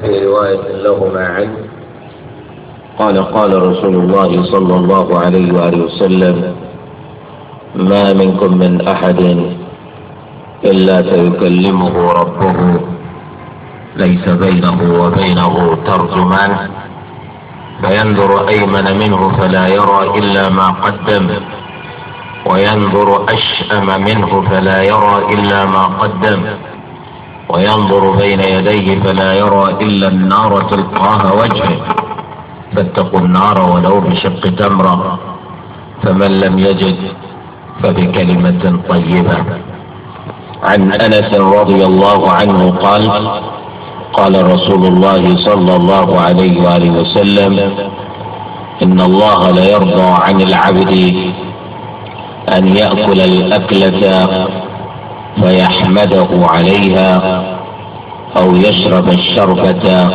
في رواية لهما عن قال قال رسول الله صلى الله عليه وآله وسلم ما منكم من أحد إلا سيكلمه ربه ليس بينه وبينه ترجمان فينظر أيمن منه فلا يرى إلا ما قدم وينظر أشأم منه فلا يرى إلا ما قدم وينظر بين يديه فلا يرى إلا النار تلقاها وجهه فاتقوا النار ولو بشق تمرة فمن لم يجد فبكلمة طيبة عن أنس رضي الله عنه قال قال رسول الله صلى الله عليه وآله وسلم إن الله ليرضى عن العبد أن يأكل الأكلة فيحمده عليها أو يشرب الشربة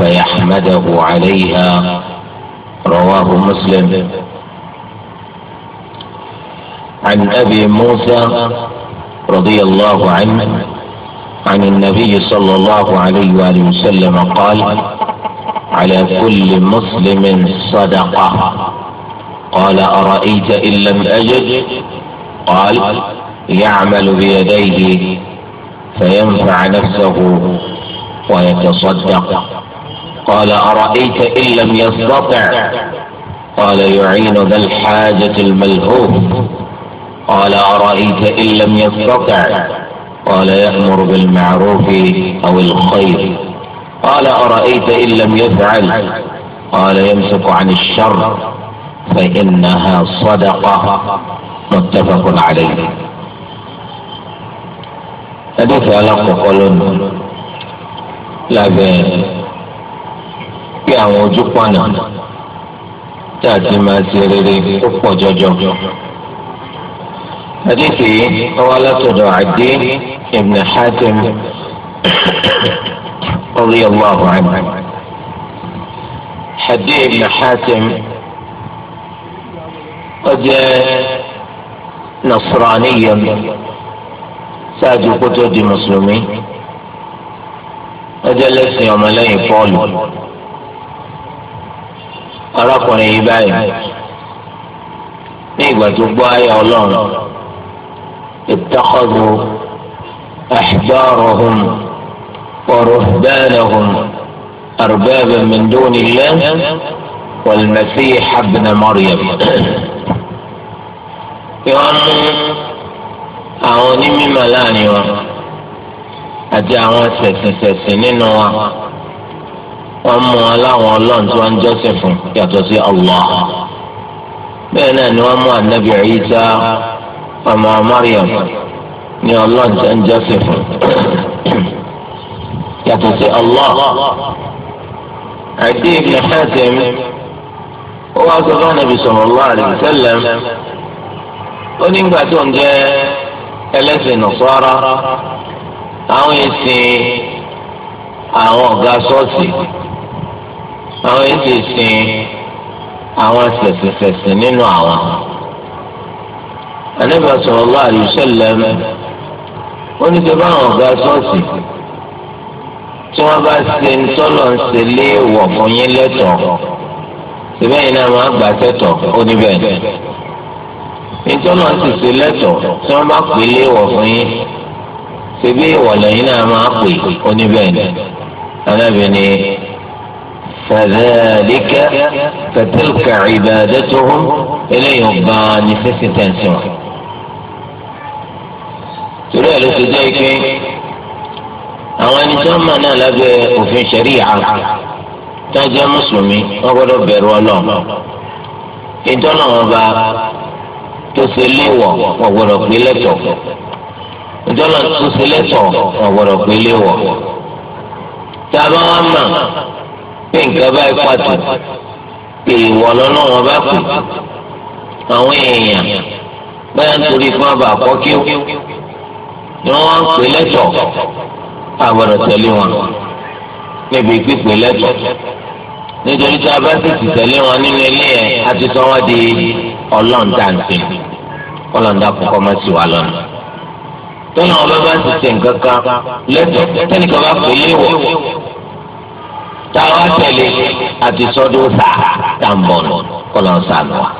فيحمده عليها رواه مسلم عن أبي موسى رضي الله عنه عن النبي صلى الله عليه وآله وسلم قال على كل مسلم صدقة قال أرأيت إن لم أجد قال يعمل بيديه فينفع نفسه ويتصدق قال أرأيت إن لم يستطع قال يعين ذا الحاجة الملهوف قال أرأيت إن لم يستطع قال يأمر بالمعروف أو الخير قال أرأيت إن لم يفعل قال يمسك عن الشر فإنها صدقة متفق عليه ẹdínfẹ alákọọkọ lónìí lábẹ́ pé àwọn ojú pọnà tí a ti máa ṣe rere tó pọ̀ jọjọ. حديث طوالته عدين بن حاتم رضي الله عنه حدي بن حاتم قد نصراني ṣáàjú kó tó di mùsùlùmí ọjọ́ lẹ́sìn ọmọlẹ́yìn pọ́ọ̀lù arákùnrin yìí báyìí ní ìgbà tó gbọ́ ayé ọlọ́run ittakhadhu ahbarahum wa ruhbanahum arbaban hùn dunillah wal masih ibn Maryam. ìwọ́n mú. àwọn onímọ̀ láàrin wa àti àwọn sẹ̀sìnsẹ̀sìn nínú wa wọ́n mú wọn láwọn ọlọ́run tí wọ́n ń jọ́sìn fún yàtọ̀ sí Allah bẹ́ẹ̀ náà ni wọ́n mú ànábì Ìsá ọmọ Maryam ní ọlọ́run tí wọ́n ń jọ́sìn fún yàtọ̀ sí Allah àti ibn Hatim ó wá sọ fún ó tó ń jẹ́ ẹlẹ́sìn nọ̀sọ́ra àwọn ìsìn àwọn ọ̀gá ṣọ́ọ̀ṣì àwọn ìsìn àwọn sẹ̀sẹ̀sẹ̀sẹ̀ nínú àwọn. Ànábì sallallahu alaihi wasallam wọ́n ní sẹ́fẹ́ àwọn ọ̀gá ṣọ́ọ̀ṣì tí wọ́n bá ṣe ń tọ́lọ̀ ń ṣe léèwọ̀ fún yín lẹ́tọ̀ọ́ síbẹ̀ yìí náà wọ́n á gbà nítorí wọn sì ṣe lẹ́tọ̀ọ́ tí wọ́n bá pè é léèwọ̀ fún yín ṣebí ìwọ̀lẹ̀ yín náà máa pè oníbẹ̀ẹ́ni anábìíní fàdàlíkà fàtẹ́lùkà ìbàdàtúhùn eléyìí ọba ní sísìtẹ̀ǹsì wọn. torí ẹ̀ ló ti jẹ́ pé àwọn ẹni tó ń mọ̀ náà lábẹ́ òfin ṣẹ̀ríyà tó jẹ́ mùsùlùmí wọ́n gbọ́dọ̀ bẹ̀rù ọlọ́run ìjọ́nà wọn bá tó ṣe léèwọ̀ wọn gbọ́dọ̀ pé lẹ́tọ̀ ìjọba tó ṣe lẹ́tọ̀ wọn gbọ́dọ̀ pé léèwọ̀ tá a bá wá mà pé nǹkan bá ipa pé ìwọ lọ́nà wọn bá kù àwọn èèyàn báyà nítorí fún àbà àkọ́kí ni wọ́n wá ń pè lẹ́tọ̀ àgbọ̀dọ̀ tẹ̀lé wọn níbi pípé lẹ́tọ̀ nítorí tí a bá sì ti tẹ̀lé wọn nínú ilé yẹn a ti sọ wọn di ọlọ́ọ̀dàǹtì kọlọ̀ndà kún kọ́ máa sì wà lọ́nà. tọ́nà ọba bá sì ṣe nǹkan kan lẹ́tọ̀ tẹ́nìkan bá pè é wọ̀ táwa tẹ̀lé àti sọ́dún sá tàǹbọ̀n kọlọ̀nsá nù wa.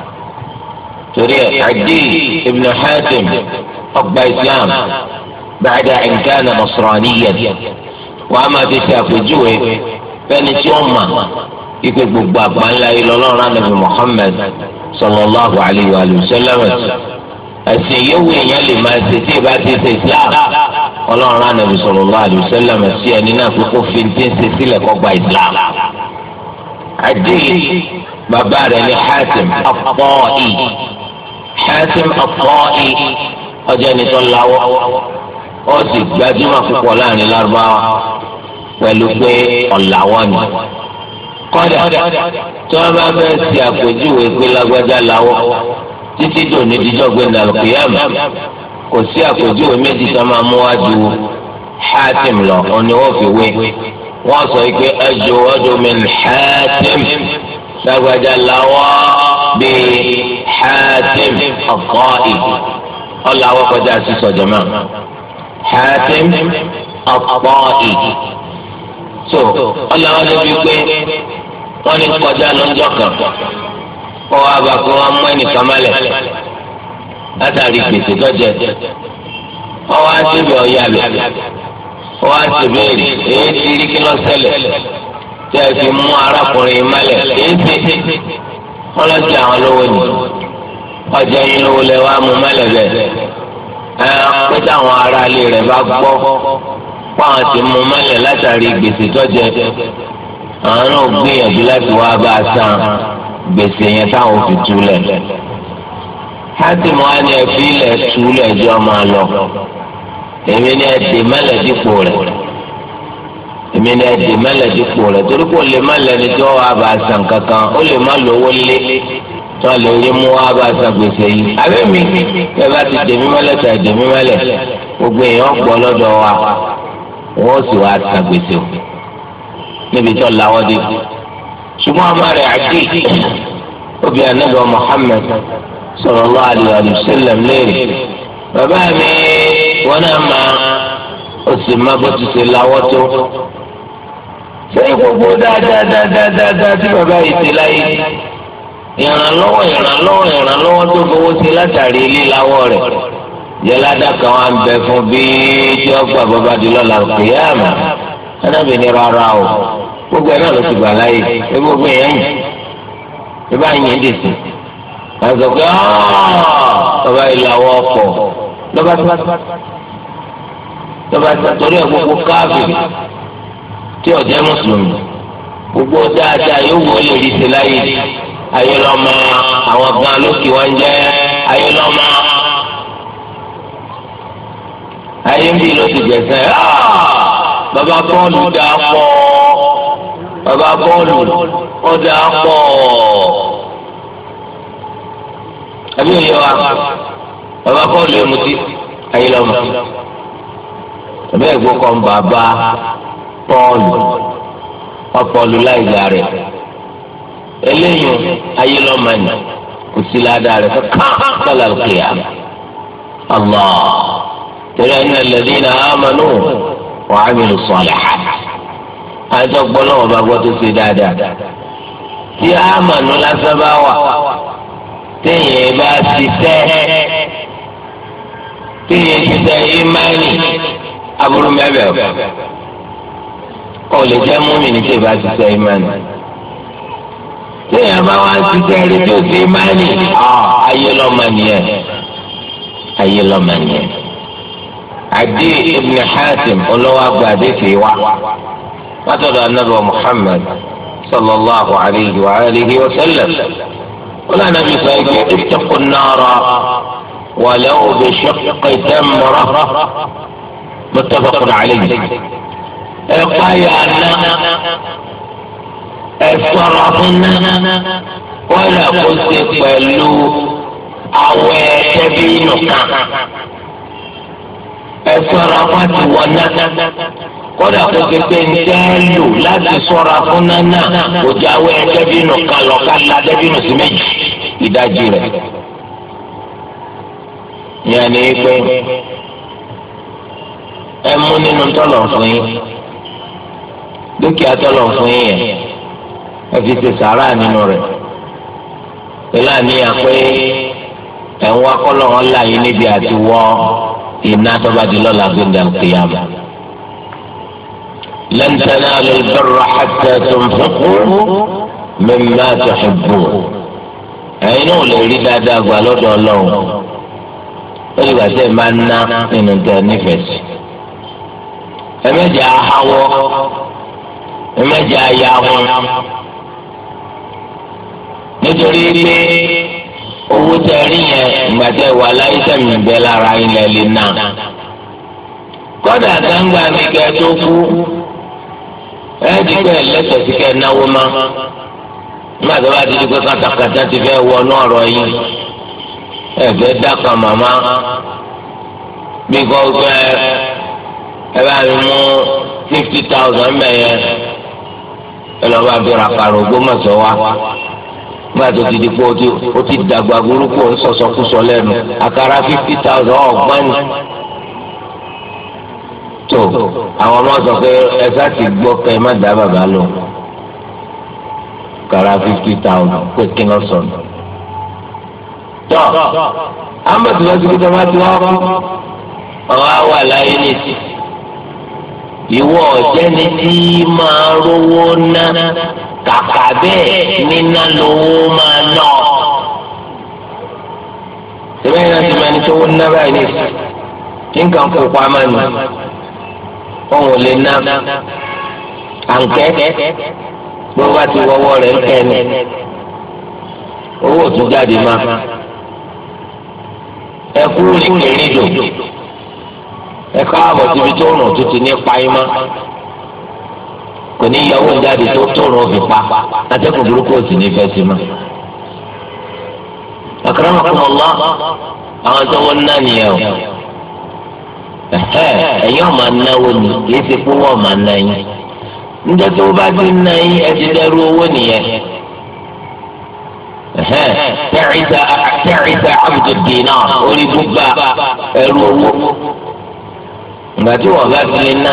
torí ẹ àdé ibn Hatim ọgbà Islam bàdà nǹkan nasraniyyan wàá máa fi ṣe àpèjúwe fẹ́ni tí ó mà ikú gbogbo àgbáńlá ilé ọlọ́run ànábì Muhammad sallallahu alayhi wa sallam ẹ̀sìn yòówù èèyàn lè máa ṣe tí ìbá ti ṣe islam ọlọ́run ànàbì sallallahu alaihi wasallam ẹ̀sìn ẹni náà pé kó fi ti ń ṣe sílẹ̀ kó gba islam. àdéhì bàbá rẹ̀ ní hasim afọ́ọ̀ì hasim afọ́ọ̀ì ọjọ́ ẹni tó láwọ́ ó sì gbajúmọ̀ púpọ̀ láàrin lárúbáwá pẹ̀lú pé ọ̀làwọ́ ni kọ́dà tí wọ́n bá fẹ́ ṣe àpèjúwe pé lágbájá láwọ́ títí tó ní díjọ́ gbẹ̀dà lùkìyàmù kò sí àpèjúwe méjì tó máa mú wá ju Hatim lọ òun ni wọ́n fi wé wọ́n sọ pé ẹjọ́ ọdún mi ní Hatim lágbájá làwọ́ bíi Hatim ọ̀pọ̀ ìbí ọ̀làwọ́ kọjá sísọ jọ̀mọ́ Hatim ọ̀pọ̀ ìbí so ọ̀làwọ́ níbi pé wọ́n ní kọjá lọ́jọ́ kan kọ́ wa bá kó wọn mú ẹnìkan mọ́lẹ̀ látàrí gbèsè tọ́jẹ wọ́n wá síbi ọ̀yà lò wọ́n wá síbi èrè èyí ti rí kí lọ́ ṣẹlẹ̀ tẹ́ ẹ fi mú arákùnrin mọ́lẹ̀ èyí ti wọ́n lọ sí àwọn lówó ni ọjà yín lówó lẹ wá mú mọ́lẹ̀ bẹ́ẹ̀ ẹ pété àwọn ará ilé rẹ̀ bá gbọ́ fáwọn ti mú mọ́lẹ̀ látàrí gbèsè tọ́jẹ àwọn náà gbìyànjú láti wá bá a sàn gbèsè yẹn táwọn fi túlẹ̀ láti mọ ẹni ẹbí ilẹ̀ túlẹ̀ jọ máa lọ èmi ni ẹdè mẹlẹ dípò rẹ èmi ni ẹdè mẹlẹ dípò rẹ torí kò lè má lẹni tí wọn wá bá san kankan ó lè má lówó lé tí wọn lè rí mú wá bá san gbèsè yìí àbẹ mi bẹ bá ti dèmí mẹlẹ tà dèmí mẹlẹ gbogbo èèyàn pọ̀ lọ́dọ̀ wa wọn sì wá san gbèsè níbi tó làwọn ṣùgbọ́n ọmọ rẹ̀ àti obì anábọ̀ Muhammad sallallahu alaihi wasallam léèrè bàbá mi wọn náà máa ó sì máa bó ti ṣe láwọ́ tó ṣé gbogbo dáadáa dáadáa dáadáa tí bàbá yìí ti láyé ìrànlọ́wọ́ ìrànlọ́wọ́ ìrànlọ́wọ́ tó fowó sí látàrí líláwọ́ rẹ̀ yẹlada kan wà ń bẹ fún bí tí ọgbà bàbá di lọ́la kìyàmù ẹnàbìnrin rárá o gbogbo ẹ̀ náà ló ti gbà láàyè ẹ gbogbo ẹ̀ yẹn ẹ bá yẹn dè sí wọ́n sọ pé ọba ìlàwọ̀ ọkọ̀ lọ́ba tí lọ́ba tí torí ẹ̀ gbogbo káàbì tí ọ̀jẹ́ mùsùlùmí gbogbo dáadáa yóò wọ lè rí ṣe láyè ayé lọ́mọ àwọn gan lókè wọn jẹ́ ayé ayé ń bí ló ti gbẹ̀sẹ̀ bàbá bọ́ọ̀lù dáa pọ̀ bàbá bọ́ọ̀lù ọ̀dà pọ̀ àbí òye wa bàbá bọ́ọ̀lù emutí ayé lọ́mọ ẹ̀mí ẹ̀gbọ́n kan bàbá bọ́ọ̀lù ọ̀pọ̀lù láìjà rẹ̀ eléyìí ayé lọ́mọ ni kò sí ládàá rẹ̀ fún káàkiri àlùkìyà Allah torí ẹni ẹlẹ́dínlá amanu wa amilu salihah àjọ gbọ́lọ́wọ́ bá gbọ́ tó ṣe dáadáa tí àmàlú lásán bá wà téèyàn bá ṣiṣẹ́ téèyàn ṣiṣẹ́ ìmáìlì aburú mẹ́bẹ̀ ọ̀ lè jẹ́ múmi ní tí ìbá ṣiṣẹ́ ìmáìlì téèyàn bá wá ṣiṣẹ́ rédíò sí ìmáìlì ayé lọ́mọ nìyẹn ayé lọ́mọ nìyẹn. Adi ibn Hatim olówó àgbà fi wá. قتل النبي محمد صلى الله عليه وآله وسلم ولا نبي سيدي اتقوا النار ولو بشق تمرة متفق عليه لنا اصرفنا ولا قلت بلو أو تبينك الصرفات kódà kó kékeré ń tẹ́ lò láti sọ́ra fún nánà kò jáwé ẹ̀dẹ́bínú kalọ̀ kálá ẹ̀dẹ́bínú sí méjì ìdajì rẹ̀. yẹ́nì pé ẹ mú nínú tọ́lọ̀ fún yín dúkìá tọ́lọ̀ fún yín yẹn ẹ fi ṣe sàárà nínú rẹ̀ pẹ̀lú àníyàn pé ẹ̀ ń wá kọ́lọ̀ wọn láàyè níbi àti wọ́ iná tó bá di lọ́la gbẹ̀ngàn kìyàmù. لن تنالوا البر حتى تنفقوا مما تحبون ẹ̀yin náà lè rí dáadáa gbà lọ́dọ̀ Ọlọ́run ó lè gbà tẹ ẹ máa ná nínú tẹ nífẹ̀ẹ́ sí ẹ mẹjẹ ahawọ ẹ mẹjẹ ayahọ nítorí pé owó tẹ rí yẹn ìgbà tẹ wà láyé sẹmìí bẹ lára ilẹ̀ lè nà kódà gbangba mi kẹ tó kú. ẹ̀ẹ́dì pé ẹ̀lẹ́sẹ̀ sí kẹ́ náwó mmadụ má tó bá ti pé ti fẹ́ wọnú ọ̀rọ̀ yìí ẹ̀fẹ́ dákan màmá bí kò gbẹ ẹ bá mi mú fifty thousand mẹ́yẹ ẹ bá wa ti pé o ti dàgbà burúkú ń sọ àkàrà fifty thousand ni. tó àwọn ọmọ sọ pé ẹ̀ka ti gbọ́ pé má dá bàbá lò kàrà fifty thousand pé kí ló sọ nù. tó amọ̀tí lọ́sí kí tọ́ba ti wá kú ọ̀hún á wà láyé nìsí. ìwọ ọ̀jẹ́ni tí máa rówó ná kàkà bẹ́ẹ̀ níná lówó máa ná. ìbẹ́yìn náà ti máa ní tó wọ́n ná báyìí nìsí. kí n kàn kó pa á máa nù. kọ́hún lè ná àǹkẹ́ bá ti wọ́wọ́ rẹ̀ ń kẹ́ni owó tún jáde má ẹ kúrò ní kìrìndò ẹ káàbọ̀ síbi tó rùn tó ti ní payímá kò ní yọwọ́ jáde tó tó rùn pa atẹ́kùn burúkú ò ma. àwọn tó náà ẹ̀yin ọ̀ma náwó ni kìí ṣe pé wọ́n ọ̀ma ná yín níjọ́ tí wọ́n bá ti ná yín ẹ ti dẹ́rú owó nìyẹn. tẹ̀rísà abdu dinar orí gbígbà ẹrú owó ìgbà tí wọ́n bá ti lè ná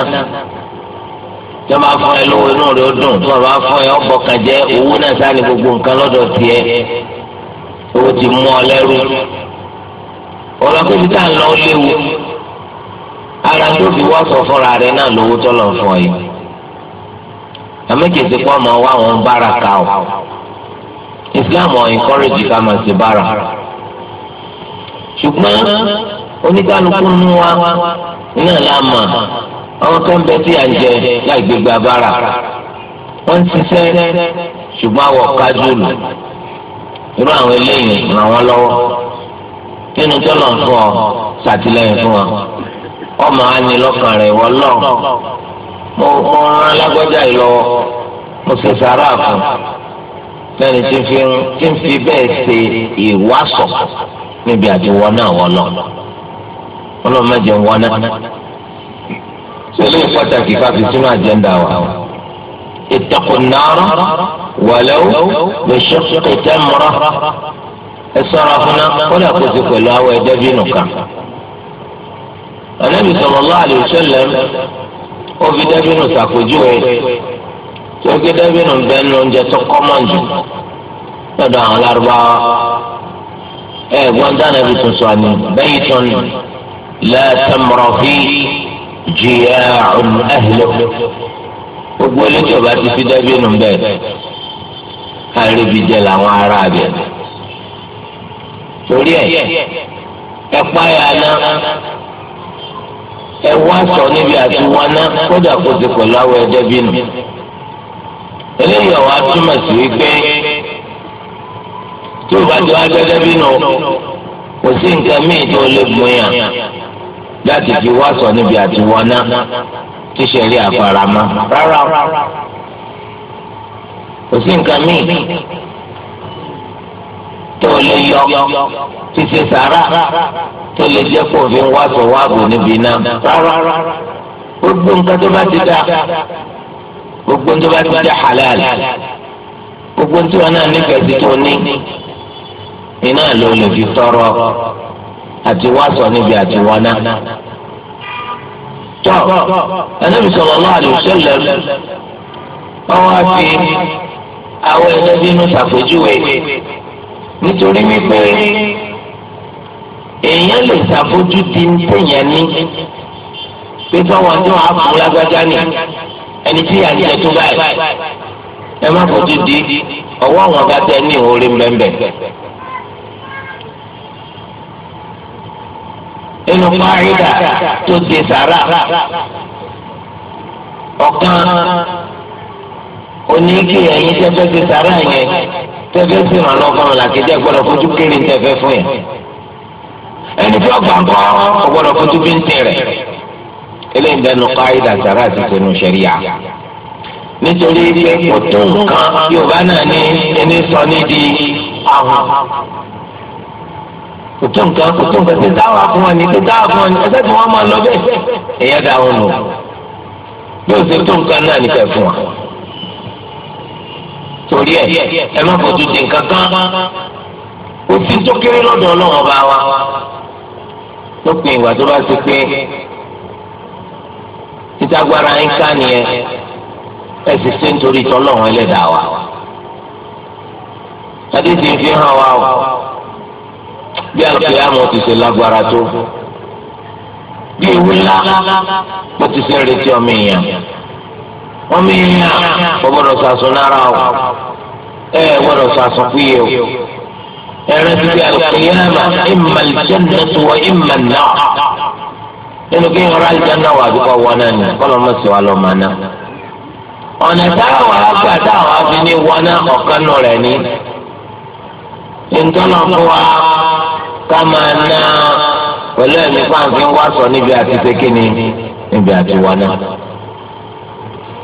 tí wọ́n bá fún ẹ lówó inú rẹ̀ ó dùn tí wọ́n bá fún ẹ ọ̀bọ̀ kan owó náà sáré gbogbo nǹkan lọ́dọ̀ tiẹ̀ owó ti mú ọ lẹ́rú ọ̀rọ̀ kó fi ń lọ léwu ara tó fi wá sọ fúnra rẹ̀ náà lówó tọ́lọ̀ fún ọ yìí àmẹ́kẹ̀sẹ̀ kó ọmọ wa àwọn bára ka o Islam ọ̀ encourage ká máa ṣe bára ṣùgbọ́n oníkálukú nù wa náà la mọ̀ àwọn kan bẹ tí à ń jẹ láì gbégbá bára wọ́n ń ṣiṣẹ́ ṣùgbọ́n àwọ̀ kájú lò irú àwọn eléyìí ràn wọ́n lọ́wọ́ nínú tọ́lọ̀ fún ọ ṣàtìlẹ́yìn fún ọ ọmọ àní lọ́kàn rẹ̀ wọ́n lọ mo mo rán alágbọ́jà yìí lọ́wọ́ mo sì sàrà fún lẹ́ni tí fi ń tí ń fi bẹ́ẹ̀ ṣe ìwàsọ̀ níbi àtiwọ́ náà wọ́n lọ wọ́n lọ mẹ́jọ wọ́n náà sọlẹ́ pàtàkì káfí sínú àjẹ́ńdà wa ìtàkùn náà wàlẹ́ lọ́sọ̀kẹ̀tẹ̀ mọ́ra ẹ sọ̀rọ̀ fún náà kọ́lá kó sí pẹ̀lú àwọn ẹ̀dẹ́bí nìkan ànábì sallallahu alaihi wasallam ó fi dẹ́bìnù ṣàpèjúwe tí ó gé dẹ́bìnù bẹ́ẹ̀ ní oúnjẹ tó kọ́mọ̀ jù lọ́dọ̀ àwọn lárúbáwá ẹ̀ gbọ́n dáná ibi tuntun àná bẹ́yìí tán la tamra fi jiya'un ahlihi gbogbo eléyìí ọba ti fi dẹ́bìnù bẹ́ẹ̀ àríbìjẹ làwọn ará rẹ̀ torí ẹ̀ ẹ̀ páyà náà ẹ wá sọ níbi àti wọn ná kódà kó ti pẹ̀lú àwọn ẹ̀jẹ̀ bínú. eléyìí ọ̀wá túmọ̀ sí wípé tí o bá ti wá gẹ́gẹ́ bínú kò sí nǹkan míì tó lè gun yàn láti fi wá sọ níbi àti wọn ná tí sẹ́rí àfaramọ́ rárá o sí nǹkan míì tó lè yọ títí sàrà tó lè jẹ́ kó fi wá sọ wá bò níbi náà rárá gbogbo nǹkan tó bá ti dá gbogbo nǹkan tó bá ti dá halal gbogbo nǹkan tó wà náà nífẹ̀ẹ́ sí tó ní iná ló lè fi tọrọ àti wá sọ níbi àti wá náà tọ́ Ànábì sallallahu alaihi wasallam wọ́n wá fi àwọn ẹlẹ́bí inú ṣàpèjúwe nítorí wípé èèyàn lè ṣàfojú di téèyàn ní pé báwọn tí wọn á fún lágbájá ni ẹni tí yà ń jẹ tó báyìí ẹ má fojú di ọwọ́ àwọn ọba tẹ ní orí mbẹ́mbẹ́. inú fáyidà tó di sàrà ọ̀kan oníkì ẹ̀yìn tẹ́fẹ́ di sàrà yẹn tẹ́fẹ́ sí ìrànlọ́ fún ọ̀la kejì ẹgbọ́dọ̀ fojú kéré tẹ́fẹ́ fún yẹn ẹni tí ọgbà gbọ́ ọgbọ́dọ̀ fojú bí ń tẹ̀rẹ̀ eléyìí bẹ́ẹ̀ nu káyidà sàrà àti sẹ́nu sẹ́ríà nítorí pé kò tó nǹkan yorùbá náà ní ẹni sọ ní di àwọn kò tó nǹkan kò tó nǹkan tí táwọn afún wọn ni tí táwọn afún wọn ni ẹsẹ̀ tí wọ́n máa lọ bẹ́ẹ̀ ẹ̀yẹ́ dáhùn nù yóò torí ẹ ẹ má fojú di nǹkan kan òfin tó kéré lọ́dọ̀ ọlọ́run ọba wa lópin ìgbà tó bá ti pé títagbára ń ká nìyẹn ẹ sì ṣe nítorí tọ́lọ́run ẹlẹ́dàá wa adéjì ń fi hàn wá o bí àgbẹ̀ àmọ́ ti ṣe lágbára tó bí ewu ńlá mo ti ṣe retí ọmọ èèyàn ọmọ èèyàn kò gbọdọ̀ sàṣọ náírà o ẹ gbọdọ̀ sàṣọ péye o ẹrẹ ti di àlùkìyàmà ìmà ìjẹnà tó wọ ìmà náà nínú kí n rà ìjẹnà wà bí wọ náà ni kọlọ mọ sí wa lọ mà náà ọ̀nà táwọn àgbà táwọn afi ní wọ náà ọ̀kan nù rẹ̀ ni ntọ́nà fún wa ká máa ná pẹ̀lú ẹ̀mí pàǹfin wá sọ níbi àti pékinni níbi àti wọ náà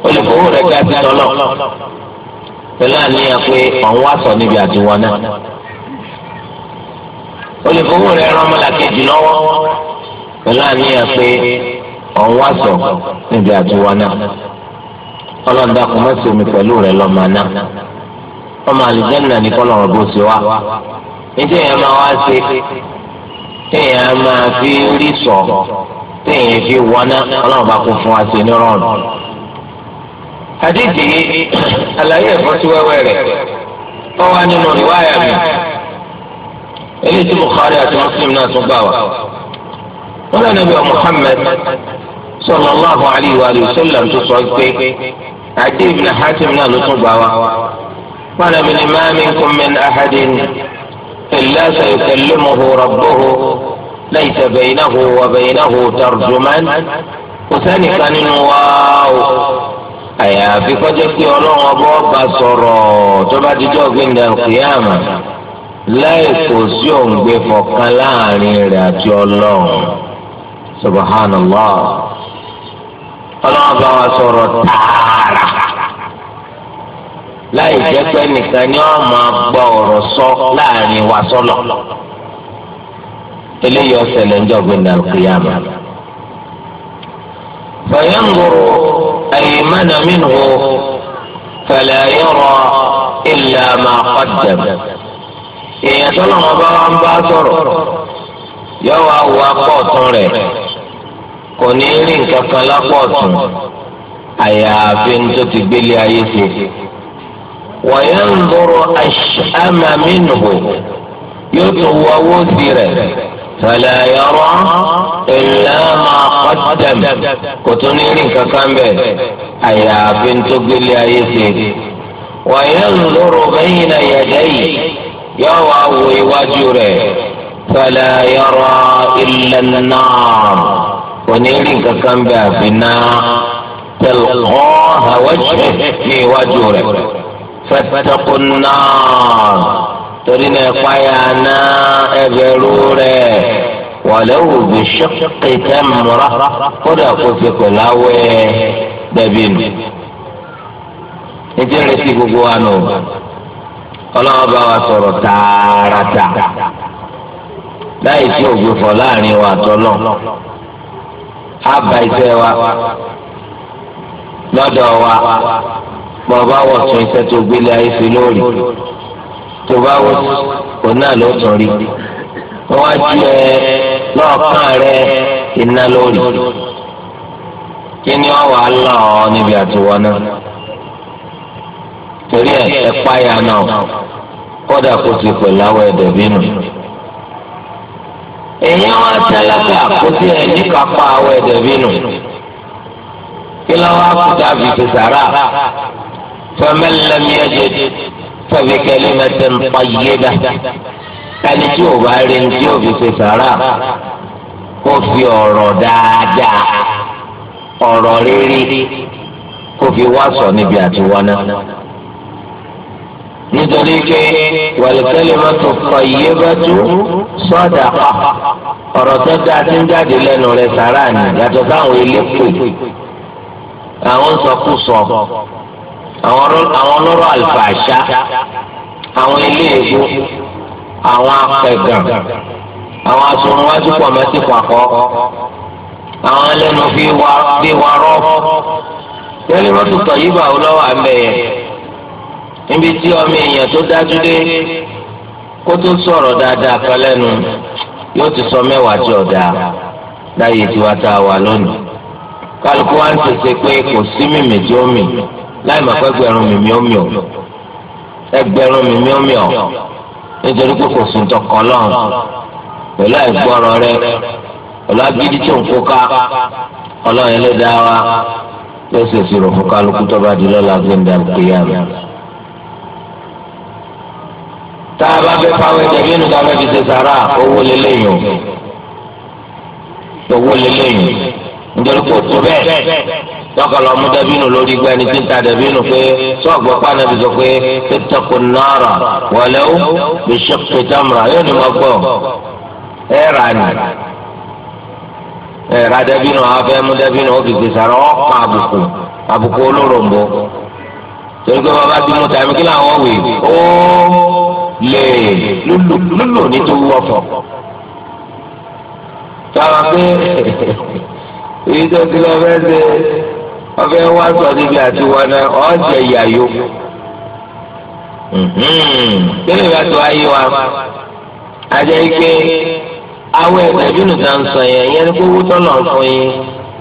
ó lè fowó rẹ̀ gbé àti tọ́lọ̀ pẹ̀lú àníyàn pé ọ̀hún wá sọ níbi àdìwọ̀n náà ó lè fowó rẹ̀ rán ọmọlàkejì lọ́wọ́ pẹ̀lú àníyàn pé ọ̀hún wá sọ níbi àdìwọ̀n náà ọlọ́dà kò mẹ́sì omi pẹ̀lú rẹ̀ lọ́mọ náà ọmọ àlùjẹ́nà ní kọ́lọ́rọ̀ bó ṣe wá níjẹ́ yẹn máa wá ṣe téèyàn máa fi rí sọ téèyàn fi wọná ọlọ́run bá kó fún wa ṣe ní rọrùn hadithi àlàyé ẹ̀fọ́ sí wẹ́wẹ́ rẹ̀ ọ wá nínú ìwáyà mi eléyìí tí Bukhari àti Muslim náà tún gbà wá. wọn lọ nàbẹ Muhammad sallallahu alayhi wa sallam tó sọ pé àdé ibn Hatim náà ló tún gbà wá. wọn nàbẹ ni ma minkum min ahadin illa sayukallimuhu rabbuhu laysa baynahu wa baynahu tarjuman kò sẹ́nìkan nínú àyàfi kọjá pé ọlọ́run ọba ọba sọ̀rọ̀ tó bá ti jọ́ gbé ndàn kìyàmà láì kò sí òǹgbẹ fọ̀kan láàrin rẹ̀ àti ọlọ́run subhanallah ọlọ́run ọba wa sọ̀rọ̀ tààrà láì jẹ́ pé nìkan ni wọ́n máa gbọ́ ọ̀rọ̀ sọ láàrin wa sọ́lọ̀ eléyìí ọ̀sẹ̀ lẹ́jọ́ gbé ndàn fẹ̀yẹ́ ń gbòòrò. أيمن منه فلا يرى إلا ما قدم èèyàn tọ́lọ̀ wọn bá wọn bá sọ̀rọ̀ yọ wá wo apá ọ̀tún rẹ̀ kò ní rí nǹkan kan lápá ọ̀tún àyàfi ní tó ti gbélé ayé ṣe. wọ́n yẹn ń lọ́rọ̀ àmàmínú yóò tún wọ owó sí rẹ̀. فلا يرى إلا ما قدم كتنيرين ككامبه أيا بنت قلي أيسي وينظر بين يديه يواوي وجره فلا يرى إلا النار كتنيرين ككامبه بنا تلقاها وجهه في وجهه فاتقوا النار torí náà ẹ̀páyà náà ẹ̀bẹ̀rù rẹ̀ wàlẹ́wò bí ṣọ́kì tẹ́mùrà kódà kó fi pẹ̀lú awẹ́ dẹ̀bí nù. nítorí rẹ̀ sí gbogbo wa nù ọlọ́wọ́ bá wa sọ̀rọ̀ tààràtà láì sí ògbófọ̀ láàrin wa tọ́lọ̀ á ba iṣẹ́ wa lọ́dọ̀ wa bọ̀ bá wọ̀ tún iṣẹ́ tó gbélé ayé tó bá wù kò náà ló tún rí wọ́n á ju ẹ lọ́ọ̀kan rẹ iná lórí kí ni wọ́n wà á lọ ọ níbi àtiwọ́ náà torí ẹ ẹ páyà náà kódà kó ti pè láwọ ẹdẹ bínú èèyàn wá tálákà kó tí ẹ níka pa bínú kí lọ́wọ́ àkútà fi ti sàrà fẹmẹlẹmí ẹjẹ pọ̀bí kẹlímẹ̀ tẹ̀ ń pa yé dá ẹni tí ò bá rí ní tí ò fi ṣe sàrà kó fi ọ̀rọ̀ dáadáa ọ̀rọ̀ rírí kó fi wá sọ níbi àti wọná. nítorí pé wal-kalimatu tayyibatu sadaqa ọ̀rọ̀ tó dáa ti ń jáde lẹ́nu rẹ̀ sàrà ni yàtọ̀ sáwọn ilé pè àwọn sọkúsọ àwọn ọlọ́rọ̀ àlùfàṣà àwọn iléèwé àwọn apẹ̀gàn àwọn asòrùnwájú pọ̀mẹ́sì pàkọ́ àwọn ẹlẹ́nu bíi wa rọ́ọ̀fù lẹ́yìn mọ́tò tọ̀yìnbà ọlọ́wà mẹ́yẹ níbi tí ọmọ èèyàn tó dájú dé kó tó sọ̀rọ̀ dáadáa kan lẹ́nu yóò ti sọ mẹ́wàá tí ọ̀dà láyé tiwa tá a wà lónìí kálukú wa ń tètè pé kò sí mímì tí ó mì. láì máa kọ́ ẹgbẹ̀rún mi míọ́míọ́ ẹgbẹ̀rún mi míọ́míọ́ nítorí pé kò sùn tọkọ lọ́rùn pẹ̀lú àìgbọ́rọ̀ rẹ pẹ̀lú agídí tó ń kóká ọlọ́run ẹlẹ́dàá wa yóò ṣe ìṣirò fún kálukú tó bá di lọ́la tá a bá fẹ́ fáwọn ẹ̀jẹ̀ fẹ́ fi lọ́kọ̀ lọ mú dẹ́bínú lórí igbá ẹni tí ń ta dẹ́bínú pé sọ́ọ̀gbọ́ pàánàbí sọ pé tẹ́tẹ́kù náírà wọlé ó lè ṣe pẹ̀tàmùrà yóò ní wọ́n gbọ́ ẹ rà ní. ẹ ra dẹ́bínú àwọn afẹ́ mú dẹ́bínú ó fi gbèsè àrọ́ ọ̀pọ̀ àbùkù àbùkù olóròǹbó. torí pé bàbá bí mo tàbí kí làwọn wè ó lè lúlò nítorí wọ́fọ̀. sábà pé èyí tó ọbẹ̀ wá sọ níbi àti wọn náà ọ̀jẹ̀ ìyàyó kíni mm-hmm. tó ayé wa àjẹ́ ike àwọn ẹ̀gbẹ́ bínú tá ń sọ yẹn yẹn ní tọ́lọ̀ fún yín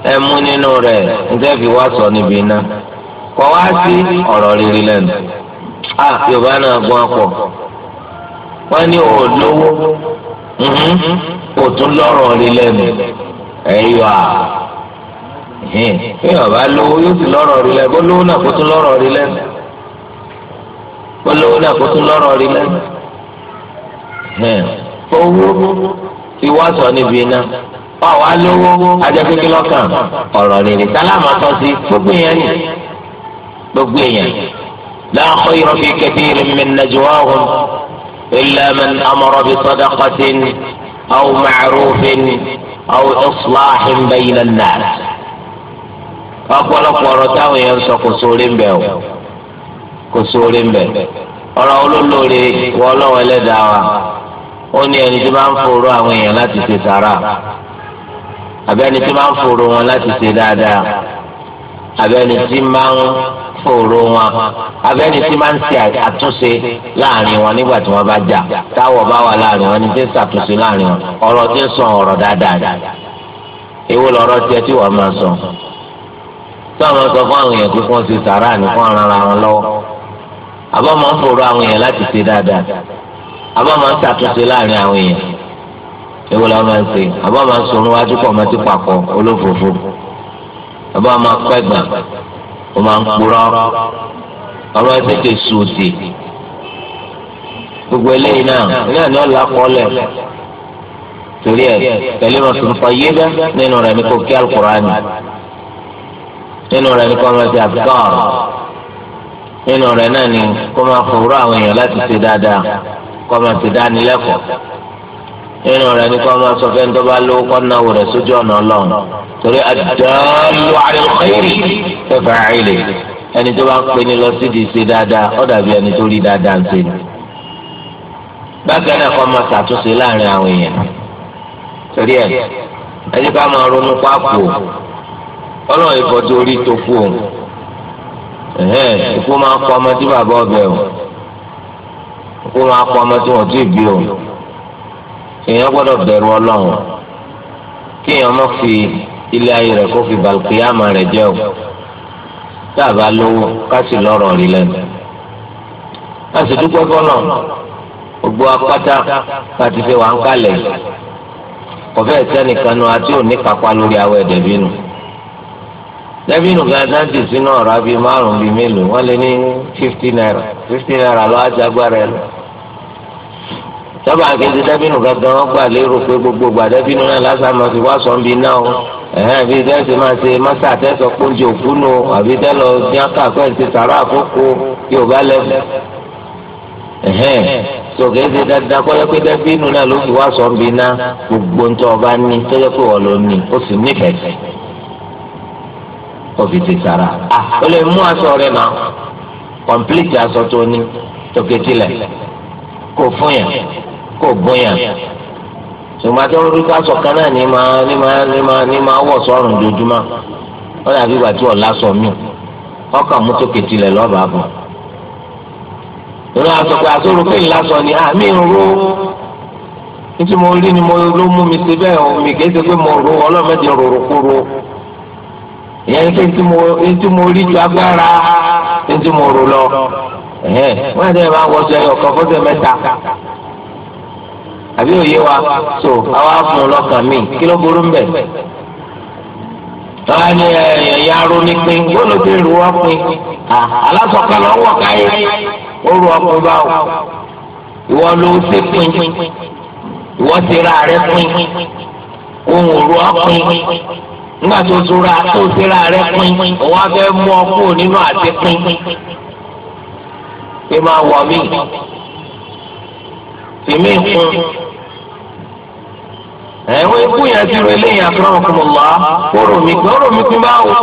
ẹ nínú rẹ̀ níta wá sọ níbi kọ́ wá sí ọ̀rọ̀ lẹ́nu a yorùbá náà gbọ́ pọ̀ wọ́n ní mm-hmm. lọ́rọ̀ lẹ́nu bí ọba lówó yóò ti lọ́rọ̀ rí lẹ́nu olówó náà kó tún lọ́rọ̀ rí lẹ́nu olówó náà kó tún lọ́rọ̀ rí lẹ́nu owó ìwà sọ níbi iná ọwọ́ alówó ajẹ́kẹ́kẹ́ lọ́kàn ọ̀rọ̀ rere sálámà sọ sí gbogbo èèyàn ni gbogbo èèyàn la khayra fi kathirin min najwahum illa man amara bi sadaqatin aw ma'rufin aw islahin bayna an-nas wọn pọ̀lọpọ̀ ọ̀rọ̀ táwọn èèyàn sọ kò sóore ń bẹ o kò sóore ń bẹ ọ̀rọ̀ olólóore wọ Ọlọ́run Ẹlẹ́dàá wa ó ní ẹni tí máa ń fòrò àwọn èèyàn láti ṣe sàrà àbẹ ẹni tí máa ń fòrò wọn láti ṣe dáadáa àbẹ ẹni tí máa ń fòrò wọn àbẹ ẹni tí máa ń ṣe àtúnṣe láàrin wọn nígbà tí wọn bá jà táwọ̀ bá wà láàrin wọn ni tí ń ṣàtúnṣe láàrin wọn ọ̀rọ̀ tí ń sọ ọ̀rọ̀ dáadáa èwo lọ̀rọ̀ tiẹ̀ tí wọn máa sọ táwọn sọ fún àwọn èèyàn pé kí wọ́n ṣe sàrà ní fún ara wọn lọ́wọ́ àbá máa ń fòrò àwọn èèyàn láti ṣe dáadáa àbá máa ń ṣàtúnṣe láàrin àwọn èèyàn ewu la máa ń ṣe àbá máa ń sọ̀rọ̀ wájú pọ̀ máa ti pàpọ̀ olófòfò àbá máa pẹ́ gbà ó máa ń kúrọ́ ọ̀rọ̀ ẹsẹ̀ kè sòdì gbogbo eléyìí náà náà ni ọ̀la kọ́lẹ̀ torí ẹ̀ tẹ̀lé wọn sọ̀rọ̀ fọ nínú rẹ̀ ní kò kí alukóra ni nínú rẹ̀ ní kó máa ṣe àbíkọ́ọ̀rù nínú rẹ̀ náà ni kó máa fòwúrọ̀ àwọn èèyàn láti ṣe dáadáa kó máa ṣe dánilẹ́kọ̀ọ́ nínú rẹ̀ ní kó máa sọ fẹ́ ní tó bá lówó kó náwó rẹ̀ sójú ọ̀nà ọlọ́run torí àdáàlú àlùkìrì fẹ́fẹ́ àìlè ẹni tó bá ń pè ní lọ sídìí ṣe dáadáa ó dàbí ẹni tó rí dáadáa ń ṣe ni bákan náà kó máa ṣàtúnṣe láàrin àwọn èèyàn torí ẹ ẹni ká máa ronú pápó ọlọ́run ìfọ̀tí orí tó kú òun ikú máa kọ ọmọ tí bàbá ọbẹ̀ o ikú máa kọ ọmọ tí wọ́n ti bí o èèyàn gbọ́dọ̀ bẹ̀rù ọlọ́run kí èèyàn má fi ilé ayé rẹ̀ kó fi balùkìyàmà rẹ̀ jẹ́ o dábàá lówó ká sì lọ́rọ̀ rí lẹ́nu ká sì dúpẹ́ fọlọ́ gbogbo apáta láti fi wà ń kalẹ̀ kọfẹ́ ìsẹ́nìkanu àti òní kápá lórí awọ ẹ̀dẹ̀ bínú dẹ́bìnù gàdán dì sínú ọ̀rọ̀ àbí márùn-ún bíi mélòó wọ́n lé ní fifty naira fifty naira ló ájá gbára ẹ̀ lọ. sábà kejì dẹ́bìnù gàdán wọ́n gbà lérò pé gbogbo gbà dẹ́bìnù náà lásán máa fi wá sọ̀n bíi náà o ẹ̀hẹ́n àbí tẹ́sí máa ṣe mọ́tà tẹ́sọ̀ pọ́njì òkúnu àbí tẹ́lọ̀ ní akáàkọ́ ẹ̀ ti sàrà àkókò yorùbá lẹ́fù. ẹ̀hẹ́n sọ̀kẹ́ ṣe dáadáa kọ́jọ́ kó fi ti sara ó lè mú aṣọ rẹ náà kọ̀mpilíìtì aṣọ tó ní tókẹ́tìlẹ̀ kó fún yàn kó gún yàn ṣùgbọ́n àti ọ̀rọ̀ ká aṣọ kan náà ní máa ní máa ní máa ní máa wọ̀ sọ́run dojúmọ́ ó dàbí ìgbà tí ọ̀la sọ mí ọkà mú tókẹ́tìlẹ̀ lọ́ba bọ̀ nínú aṣọ pé aṣọ òrùkọ́ ìlàsọ ni àmì ń ro nítorí mo rí ni mo ló mú mi ṣe bẹ́ẹ̀ mi kì í ṣe pé mo ro ọlọ́mọdé rorokoro. ìyẹn kí n tí mo rí ju agbára n mo rò lọ wọ́n àti ẹ̀ máa wọṣọ fọ́sẹ̀ mẹ́ta àbí òye so àwa fún un lọ́kàn mi kí ló burú mbẹ̀ tọ́lá ni ẹ̀yà aró ní pín yóò ló alásọ̀kan káyé ó ìwọ ńgbà tó sora tó sera rẹ pin òun á mú ọ nínú àti pin pé máa wọ̀ mí tèmi kún ẹ̀wọ̀n ikú yẹn ti rẹ lẹ́yìn akọ́nàmọ́kọ́mọ́lá kóró mi kóró mi pin báwo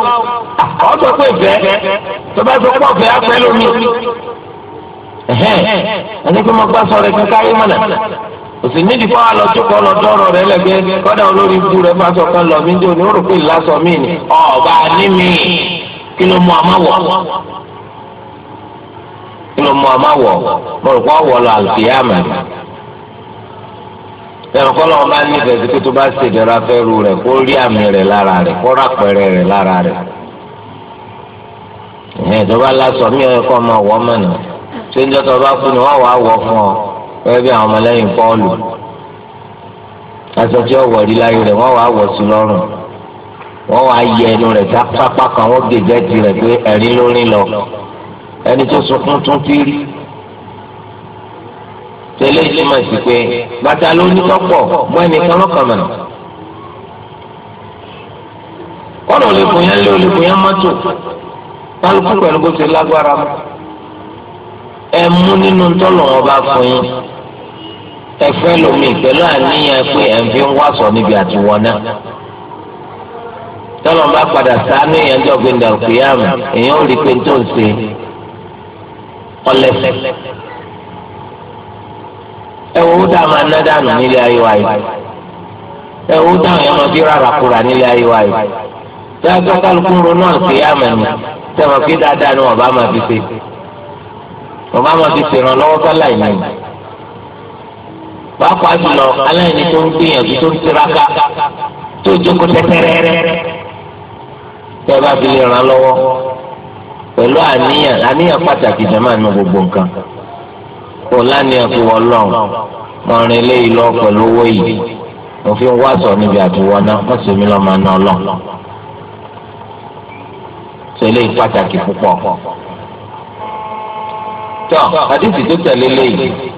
ọ̀ sọ pé bẹ́ẹ̀ tó bá sọ pọ̀ bẹ́ẹ̀ á pẹ́ lómi ẹ̀hẹ́n ẹni pé mo gbá sọ̀rọ̀ ẹ̀ka káyé mọ́nà òsì nídìí fún alọ́jú kan lọ́dọ́ ọ̀rọ̀ rẹ lẹ́gbẹ́ kọ́dà olórí ikú rẹ bá sọ kan lọ mí dé òní òrùkú ìlàsọ mí ni ọba ní mi kí ló mú àmà wọ̀ kí ló mú àmà wọ̀ mo rò pé ọ̀wọ̀ lọ àlùfíàmà ni ẹ̀rọ kọ́ lọ́wọ́ bá nífẹ̀ẹ́ sí pé tó bá ṣèjọra fẹ́ru rẹ̀ kó rí àmì rẹ̀ lára rẹ̀ kó rà pẹ̀rẹ̀ rẹ̀ lára rẹ̀ ìyẹn ìjọba lásọ mí ẹ̀kọ́ ọmọ ọ̀wọ́ mọ̀ nà ṣé ń jọ́ tó bá kú ni wọ́n wàá wọ̀ fún ọ gẹ́gẹ́ bí àwọn ọmọlẹ́yìn Pọ́ọ̀lù aṣọ tí ọwọ́ rí láyé rẹ̀ wọ́n wàá wọ̀ sí lọ́rùn wọ́n wàá yẹ ẹnu rẹ̀ tá, kan wọ́n gègé ti rẹ̀ pé ẹ̀rín lórí lọ ẹni tó sunkún tún ti rí tẹ́lẹ̀ yìí mà sí pé bàtà ló ní tọ́pọ̀ mọ́ ẹnìkan lọ́kàn mọ́nà ọ̀nà olùkùn yẹn lé olùkùn yẹn mọ́tò kálukú pẹ̀lú bó ti lágbára ẹ̀ mú nínú tọ́lọ̀ wọn bá fún yín ẹ̀fẹ́ lomi pẹ̀lú àníyàn pé ẹ̀ ń fi ń wàsọ níbi àtiwọ́n náà tọ́lọ̀ bá padà sànú èèyàn jọ gbé ndàlù kìyàmù èèyàn ò rí pé tó ń ṣe ọlẹ́sẹ̀. ẹ̀wọ̀ ó dá máa ná dànù nílé ayé wa yìí ẹ̀wọ̀ ó dá àwọn ọmọ bí rárá kura nílé ayé wa yìí tí a gbọ́ kálukú ronú àkìyàmù ni tẹ̀wọ̀n kí dáadáa ni wọ́n bá máa fi ṣe wọ́n bá máa fi ṣèrànlọ́wọ́ sọ́lá ìlànà wàá pa jùlọ aláìní tó ń gbìyànjú tó ń tiraka tó jókòó tẹ́tẹ́rẹ́rẹ́ tẹ́ ẹ bá fi lè ràn lọ́wọ́ pẹ̀lú àníyàn àníyàn pàtàkì jẹ́mà nù gbogbo nǹkan kò lánìyàn fi wọ́n lọ́n mọ rin eléyìí lọ pẹ̀lú owó yìí mo fi ń wá sọ níbi àtiwọ́ náà wọ́n sì mí lọ́ máa ná lọ́n sọ pàtàkì púpọ̀ tọ́ àdìsí tó tẹ̀lé léyìí.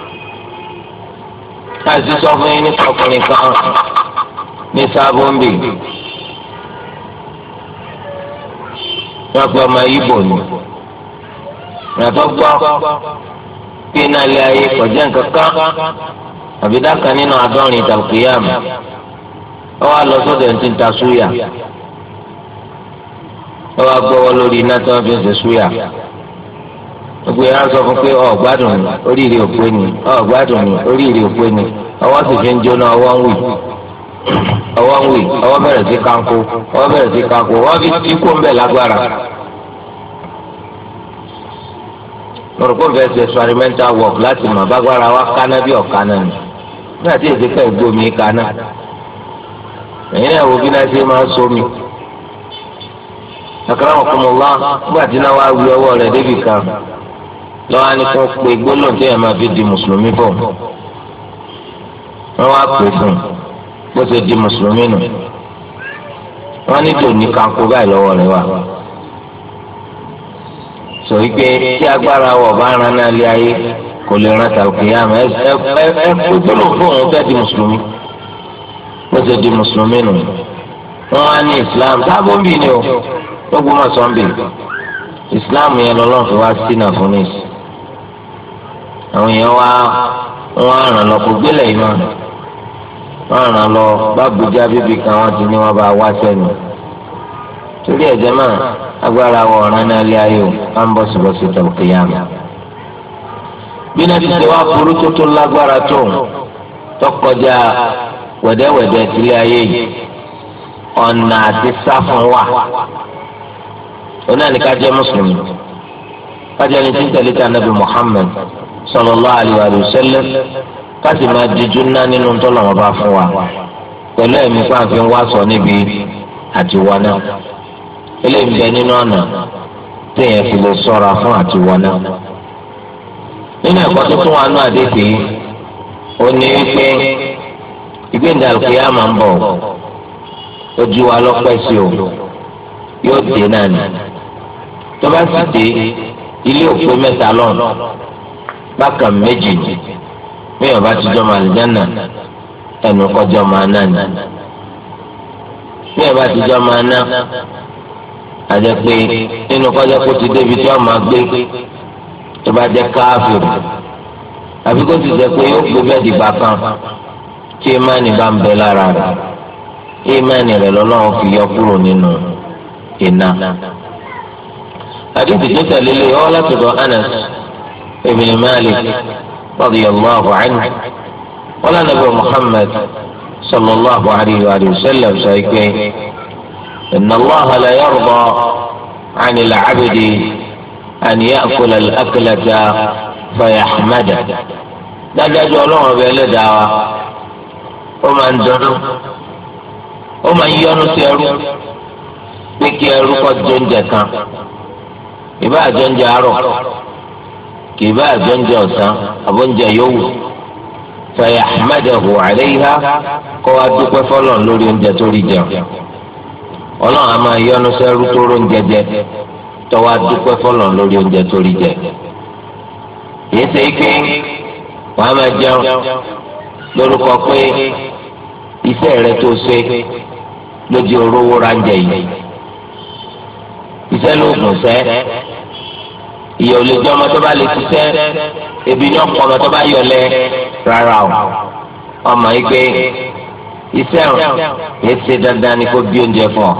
láti sọ fún yín nípa ọkùnrin kan ní sábọ́ǹbì wọn pe ọmọ ibo ni ìrìnàtọ́ gbọ́ pé náà lé ayé kọjá nǹkan kan àbídá kan nínú àádọ́rin ìtàkùyàmù ọ wá lọ sọ́dọ̀ ẹni tí ń ta súyà ọ wá gbọ́wọ́ lórí iná tí wọ́n fi ń ṣe súyà. gbogbo ya sọ fún pé ọ gbádùn ni oríire ni ọ gbádùn ni oríire òpé ni ọwọ́ sì fi ń jóná ọwọ́ ń wì ọwọ́ ń wì ọwọ́ kanko ọwọ́ bẹ̀rẹ̀ sí kanko ọwọ́ fi ti kó ń bẹ̀ lágbára. mọ̀rọ̀kọ́ fẹ́ ṣe experimental work láti mọ̀ bágbára wa kaná bí ni èdè kaná ẹ̀yin bí náà ṣe máa nígbà tí lọ́wọ́ á ní kó pe gbólóhùn tí ẹ̀ máa fi di mùsùlùmí bọ̀ wọ́n wá pè fún un bó ṣe di mùsùlùmí nù wọ́n ní tòní kanko báyìí lọ́wọ́ rẹ̀ wà sọ wípé tí agbára wọ̀ bá ran náà lé ayé kò lè ran tàlùkìyàmù ẹ ẹ ẹ ẹ gbólóhùn fún òun fẹ́ di mùsùlùmí bó ṣe di mùsùlùmí nù wọ́n á ní islam sábó bì ní o gbogbo mọ̀ sọ́ńbì islam yẹn lọ́lọ́run fi wá sínà fún mi àwọn èèyàn wá wọn ràn lọ kó gbélé yìí wọn ràn lọ bíbí kan wọn ti ní wọn bá wá sẹnu torí ẹ̀jẹ̀ máa agbára wọ ọ̀ràn náà lé ayò wọn bọ síbọsí bí náà ti wá burú tó tó lágbára tó tọkọjá ayé yìí ọ̀nà àti sọlọlọ alaihi wa káti máa ná nínú tọ́lọ̀ bá fún wa pẹ̀lú ẹ̀mí pàǹfin wá sọ níbi àtiwọ́ náà eléyìí bẹ nínú ọ̀nà téèyàn fi lè fún àtiwọ́ náà nínú ó ní pé ìgbéǹda máa ń o yóò dé náà bá sì bákan méjì bí ọba ti jọ màlìjánà ẹnu kọjọ máa ná ni bí ọba ti jọ máa ná àjẹ pé nínú kọjá kó ti débi tí wọn máa gbé tó bá jẹ káfíìn àbí kó ti jẹ pé yóò gbé bẹ́ẹ̀ dìgbà kan tí imáni bá ń bẹ lára rẹ̀ imáni rẹ̀ lọ́lọ́run fi yọ kúrò nínú iná. àdúgbò tó tẹ̀lé lé ọ́ látọ̀dọ̀ Anas. ابن مالك رضي الله عنه ولا نبي محمد صلى الله عليه وآله وسلم سيكون إن الله لا يرضى عن العبد أن يأكل الأكلة فيحمده لا ọlọ́run بلدها ẹlẹ́dàá wa ó máa بك يرقى ó máa ń yọnu kì àjọǹjẹ ọ̀sán àbọ̀ǹjẹ yòówù fẹ̀yà mẹ́dẹ̀hù àríyá kọ́ wa dúpẹ́ lórí oúnjẹ tó rí jẹun ọlọ́run a máa yọ́nú sẹ́rú tó ró oúnjẹ jẹ tọ́ wa dúpẹ́ lórí oúnjẹ tó rí jẹ yìí ṣe pé wọ́n á máa jẹun lórúkọ pé iṣẹ́ rẹ tó ìyà ò lè jẹ ọmọ tó bá lè ṣiṣẹ́ ebi ní ọkọ ọmọ tó bá yọlẹ rárá o ọmọ yìí pé iṣẹ́ rẹ̀ yìí ṣe dandan ni kó bí oúnjẹ fún ọ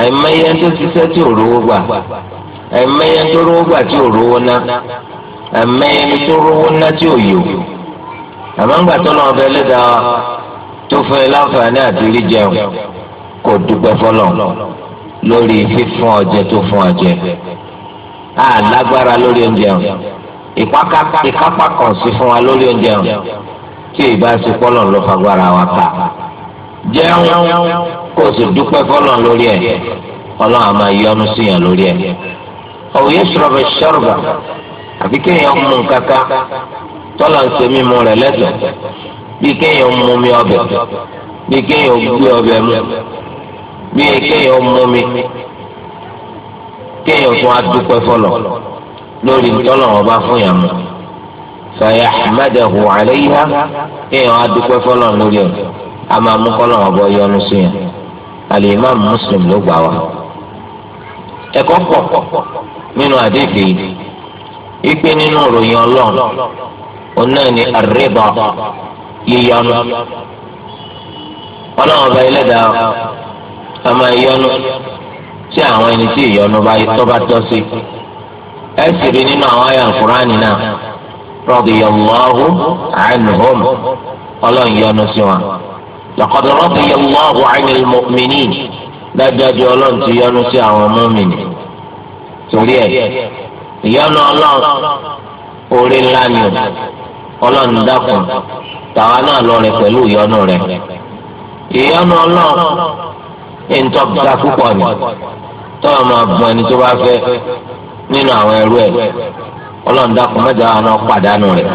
àìmọye tó ṣiṣẹ́ tí ò rówó gbà àìmọye tó rówó gbà tí ò rówó ná àìmọye tó rówó ná tí ò yò àmọ́ tó lọ́wọ́ bẹ́ẹ̀ lẹ́dà tó fún ẹ láǹfààní àdúrí jẹun kò dúpẹ́ fọlọ́ lórí fífún ọjẹ tó fún ọjẹ àlágbára lórí oúnjẹ o ìkápá kan sí fún wa lórí oúnjẹ o tí ìbá sí pọ́lọ̀ ló fagbára wa ká jẹun kó o sì dúpẹ́ fọ́lọ̀ lórí ẹ̀ ọlọ́run àmà yọnu sí yàn lórí ẹ̀ òye sọ̀rọ̀ sọ̀rọ̀ àbí kéèyàn mú nǹkan ká tọ́lọ̀ ń ṣe mímu rẹ̀ lẹ́dọ̀ bí kéèyàn mú mi ọbẹ̀ bí kéèyàn gbé ọbẹ̀ mu bí kéèyàn mú mi. kéèyàn tún á fọlọ fọlọ̀ lórí ọba fún fàyà kéèyàn fọlọ̀ lórí ẹ̀ a ọba yọnu sí yàn ló gbà wá. ẹ̀kọ́ pọ̀ nínú yìí ìpè nínú ọlọ́run ni àrèbà yíyanu ọlọ́run ọba ẹlẹ́dàá tí àwọn ẹni tí ìyọnu bá tó bá tọ́ sí ẹ sì rí nínú àwọn ayé àkùránì náà radiyallahu anhum ọlọ́run yọ́nú sí wọn. laqad radiyallahu anil mu'minin dájọ́jú ọlọ́run ti yọ́nú sí àwọn mọ́mìnì. torí ẹ ìyọ́nú ọlọ́run orí ńlá ni o ọlọ́run dákun tàwa náà lọ rẹ pẹ̀lú ìyọ́nú rẹ. ìyọ́nú ọlọ́run. ntọ́ da púpọ̀ ni tọ́wọ́ máa bùn ẹni tó bá fẹ́ nínú àwọn ẹrú ẹ̀ ọlọ́run dákun mẹ́jọ àwọn náà pàdánù rẹ̀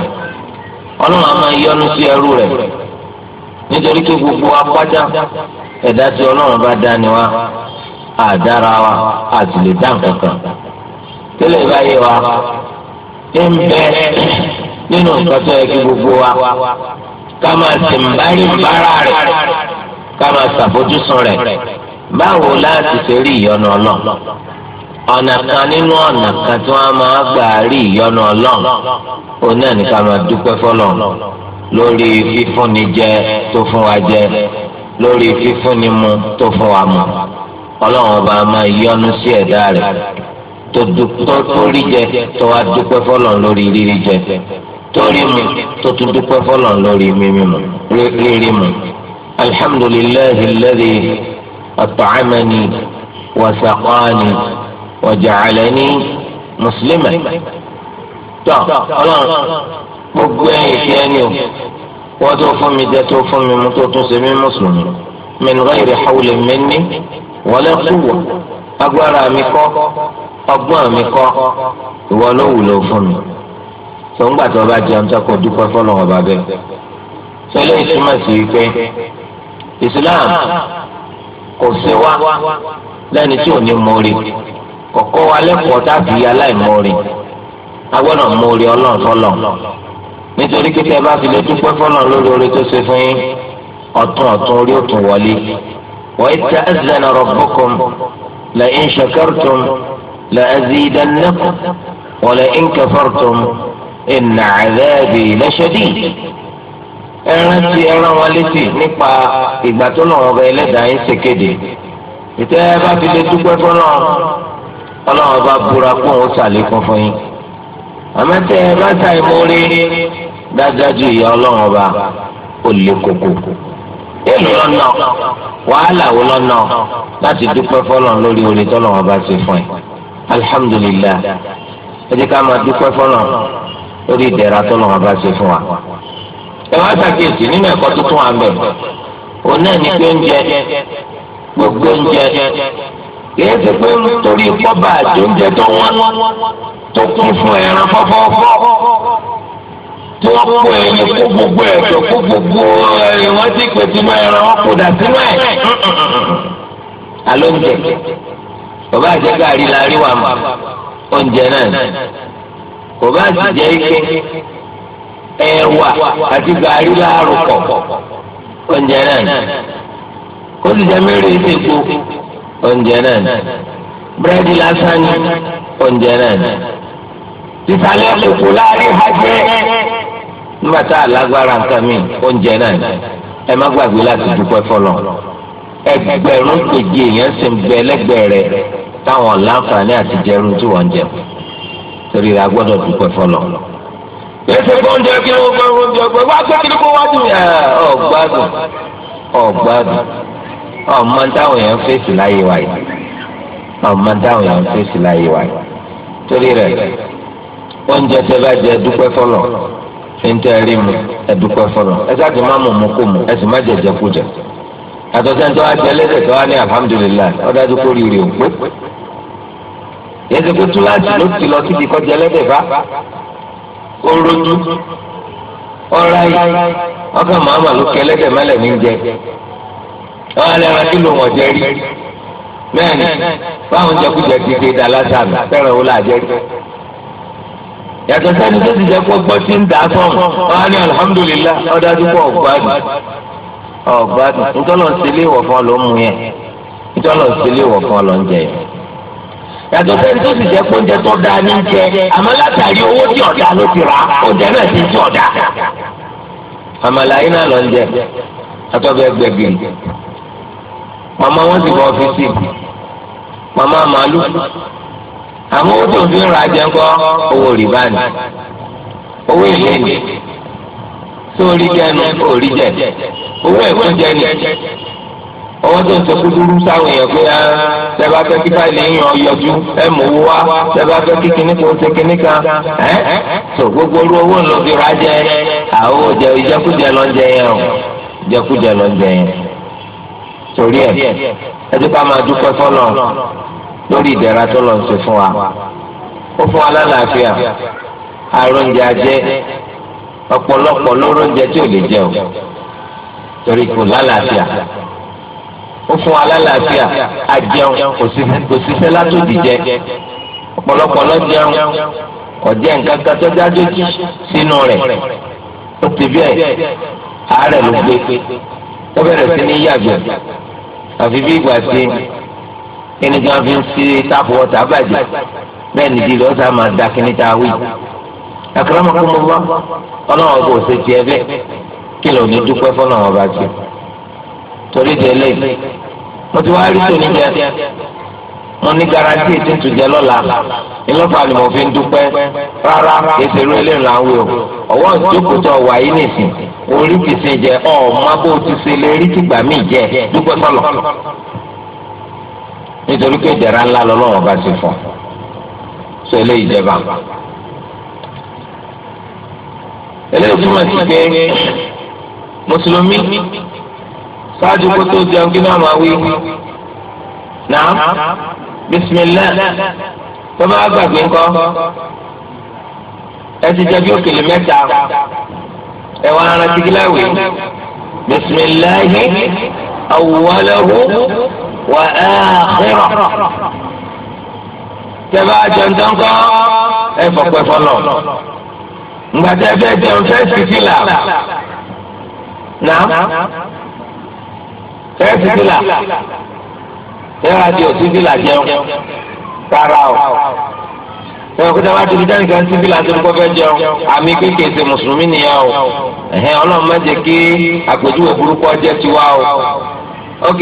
ọlọ́run á máa yọ́nú sí ẹrú rẹ̀ nítorí pé gbogbo kan tẹ́lẹ̀ wa ń bẹ nínú gbogbo wa ká Kama máa ṣàfojúsùn rẹ̀ báwo láti ṣe rí ìyọ́nú ọlọ́run ọ̀nà kan nínú ọ̀nà kan tí wọ́n máa gbà rí ìyọ́nú ọlọ́run òun náà ní ká máa dúpẹ́ fọlọ́run lórí fífúnni jẹ tó fún wa jẹ lórí fífúnni mu tó fún wa mu ọlọ́run ọba máa yọ́nú sí ẹ̀dá rẹ̀ tó rí jẹ tó wá dúpẹ́ fọlọ́run lórí rírí jẹ torí mu tó tún dúpẹ́ fọlọ́n lórí mímí mu rírí mu الحمد لله الذي أطعمني وسقاني وجعلني مسلما tó ọlọ́run gbogbo ẹ̀yin fi ẹni o wọ́n tó fún mi jẹ tó fún mi mú tó tún ṣe mí mùsùlùmí min ghairi hawlin minni wala quwwa agbára mi kọ́ ọgbọ́n mi kọ́ ìwọ ló wúlò fún mi tó ń gbà tó bá jẹun tó kọ dúpẹ́ fọlọ́wọ́ bàbẹ́ tó lè túmọ̀ sí wípé islam kò ṣe wá lẹ́ni tí ò ní mórí kọ̀kọ́ wa lẹ́kọ̀ọ́ tàbí aláìmórí a gbọ́dọ̀ mórí ọlọ́run fọlọ́ nítorí kíkẹ́ bá fi lè dúpẹ́ fọlọ́ lórí orí tó ṣe fún yín ọ̀tún ọ̀tún orí ó tún wọlé wa idh ta'azzana rabbukum la'in shakartum la'azidannakum wa la'in kafartum inna 'adhabi lashadid ẹran ti ẹran wọn létí nípa ìgbà tó lọ́wọ́ ọba ẹlẹ́dàá yín ṣe kéde ìtẹ́ ẹ bá fi lè dúpẹ́ fọlọ́ ọlọ́wọ́ bá búra pọ̀ ó ṣàlékún fún yín àmọ́ tẹ́ ẹ bá ta ìmúrí dájájú ìyá ọlọ́wọ́ bá ó lé koko èlò lọ́nà wàhálà wo lọ́nà láti dúpẹ́ fọlọ́ lórí orí tọ́lọ́wọ́ bá ṣe fún ẹ alihamudulilayi ẹ jẹ́ ká máa dúpẹ́ fọlọ́ lórí ìdẹ̀ra tọ́lọ́wọ́ bá ṣe fún wa ẹ wá ṣàkíyèsí nínú ẹ̀kọ́ tuntun wa mbẹ òun náà ní pé oúnjẹ gbogbo oúnjẹ kìí ṣe pé nítorí kọ́bà àti oúnjẹ tó wọ́n tó kún fún ẹran fọ́fọ́fọ́ tí wọ́n kó ẹyin kó gbogbo ẹ̀jọ̀ kó gbogbo ẹyin wọ́n ti pè sínú ẹran wọn kò dà sínú ẹ̀ alóúnjẹ bàbá àjẹgà àríláríwá mọ oúnjẹ náà kò bá sì jẹ́ ike ẹ̀wà àti gàrí láàrúkọ oúnjẹ náà ni kó sì jẹ mẹ́rin ìdìbò oúnjẹ náà ni búrẹ́dì lásán ni oúnjẹ náà ni ìsàlẹ̀ kòkó láàrin hajẹ́ nígbà tá a lágbára nǹkan mi oúnjẹ náà ni ẹ má gbàgbé láti dúpẹ́ fọlọ́ ẹgbẹ̀rún kejì èèyàn sì ń bẹ lẹ́gbẹ̀ẹ́ rẹ̀ táwọn láǹfààní àti jẹun tí wọ́n jẹun torí a gbọ́dọ̀ dúpẹ́ fọlọ́ yẹsẹ gbọ́njẹ kí ló gbọ́ gbọ́njẹ gbọ́ wá gbọ́ kí ló wá dùn yà ọ̀gbádùn ọ̀gbádùn ọ̀mọ táwọn èèyàn fèsì láyé wa yìí ọ̀mọ táwọn èèyàn fèsì láyé wa yìí torí rẹ̀ oúnjẹ tẹ bá jẹ dúpẹ́ fọlọ̀ ẹ̀ńtẹ́ rí mu ẹ̀dúpẹ́ fọlọ̀ ẹ sáàtì má mú mu kó mu ẹ sì má jẹjẹ kú jẹ yàtọ̀ sẹ́ni tó wá jẹ lẹ́sẹ̀ tó wá ní alhamdulilayi ọ̀dájú kó rí rí òpó yẹsẹ̀ kó orodu ọ̀ráyì ọkàn màmá ló kẹlẹ́dẹ̀ mẹ́lẹ̀ ní jẹ wọn alẹ́ ra kí ló wọ́n jẹ rí bẹ́ẹ̀ ni báwọn jẹkújẹ ti dé dá lásàmì fẹ́ràn wọlé àjẹrí yàtọ̀ sẹ́ni tó ti jẹ́ kó gbọ́ tí ń dà sọ̀rọ̀ wọn á ní alihamudulilá ọ̀dájú kó ọ̀gbádùn ọ̀gbádùn ntọ́lọ̀ ń sílé ìwọ̀fọ́ ló mú yẹn ntọ́lọ̀ ń sílé ìwọ̀fọ́ ló ń jẹ yẹn. yàtọ̀ sẹ́ni tó sì jẹ́ pé oúnjẹ tó dáa ní jẹ àmọ́ látàrí owó tí ọ̀dà ló ti rà oúnjẹ náà ti ti ọ̀dà. àmàlà náà lọ ń jẹ àtọ́bẹ̀ gbẹ̀gìrì màmá wọn sì bọ ọ́fíìsì màmá màálù àmọ́ owó tó fi ń ra jẹ ńkọ́ owó rìbá ni owó Si ni sórí jẹ orí owó ni. owó tó ń sọ kúkúrú sáwọn èèyàn pé ah, tẹ́lá fẹ́ kí báyìí yàn ọ́ yọjú ẹ̀ mú owó wá tẹ́lá fẹ́ kí kinní kan ṣe kinní kan ẹ́ tó gbogbo orú owó ńlọ fi ra jẹ àwọn òjẹ ìjẹkújẹ lọ jẹ yẹn o ìjẹkújẹ lọ jẹ yẹn torí ẹ ẹ ti ká máa dúpẹ́ fọlọ́ lórí ìdẹ̀ra tó lọ ṣe fún wa ó fún wa lálàáfíà àrùn ajẹ ọ̀pọ̀lọpọ̀ lóró tí ò lè jẹ o torí kò lálàáfíà ó fún alálàáfíà àjẹun kò síṣẹ́ látòdì jẹ ọ̀pọ̀lọpọ̀ lọ́jẹun ọ̀jẹ̀ nǹkan kan tó dájú sínú rẹ̀ ó ti bẹ́ẹ̀ àárẹ̀ ló gbé ó bẹ̀rẹ̀ sí ní yàgbẹ́ àfi bí ìgbà sí kíni kan fi ń fi táàpù ọ̀tá bàjẹ́ bẹ́ẹ̀ nìdí lọ́sà máa da kíní tá a wí akramakumullah ọlọ́wọ́ kò ṣe tiẹ̀ bẹ́ẹ̀ kí ló ní dúpẹ́ fọlọ́wọ́ bá jẹ́ torí délé wọ́n ti wá rí tòní jẹ wọ́n ní garanti ètò ìtújẹ lọ́la ìlọ́fà ni mo fi ń dúpẹ́ rárá ìṣèlú eléyìí là ń wí o ọwọ́ ìjókòtò wà yìí nìsín orí ti ṣe jẹ ọ má bó ti ṣe lè rí tìgbà mí jẹ dúpẹ́ sọ̀lọ̀ nítorí pé ìdẹ̀ra ńlá lọ́lọ́wọ́ bá ti fọ́ sọ eléyìí jẹba eléyìí túmọ̀ sí pé mùsùlùmí. ṣáájú kó tó jẹun kí náà máa wí. Nàá bisimilá tó bá gbàgbé ńkọ́ ẹ ti jẹ bí òkèlè mẹ́ta ẹ wá ara tìgíláwé bisimiláhi awwalahu wa akhira tẹ́ bá jẹun tán kọ́ ẹ fọpẹ́ fọlọ́ ngbàtẹ́ bẹ́ẹ̀ jẹun fẹ́ẹ́ sìkìlà nàá. ẹ fi fìlà ẹ ra òsì fìlà jẹun rárá o ẹ kó dábàá tóbi dáhùn kan sí fìlà tó ń kọ́ fẹ́ jẹun àmì kéèké ṣe mùsùlùmí nìyẹn o ẹ̀hẹ́n ọlọ́run má jẹ́ ok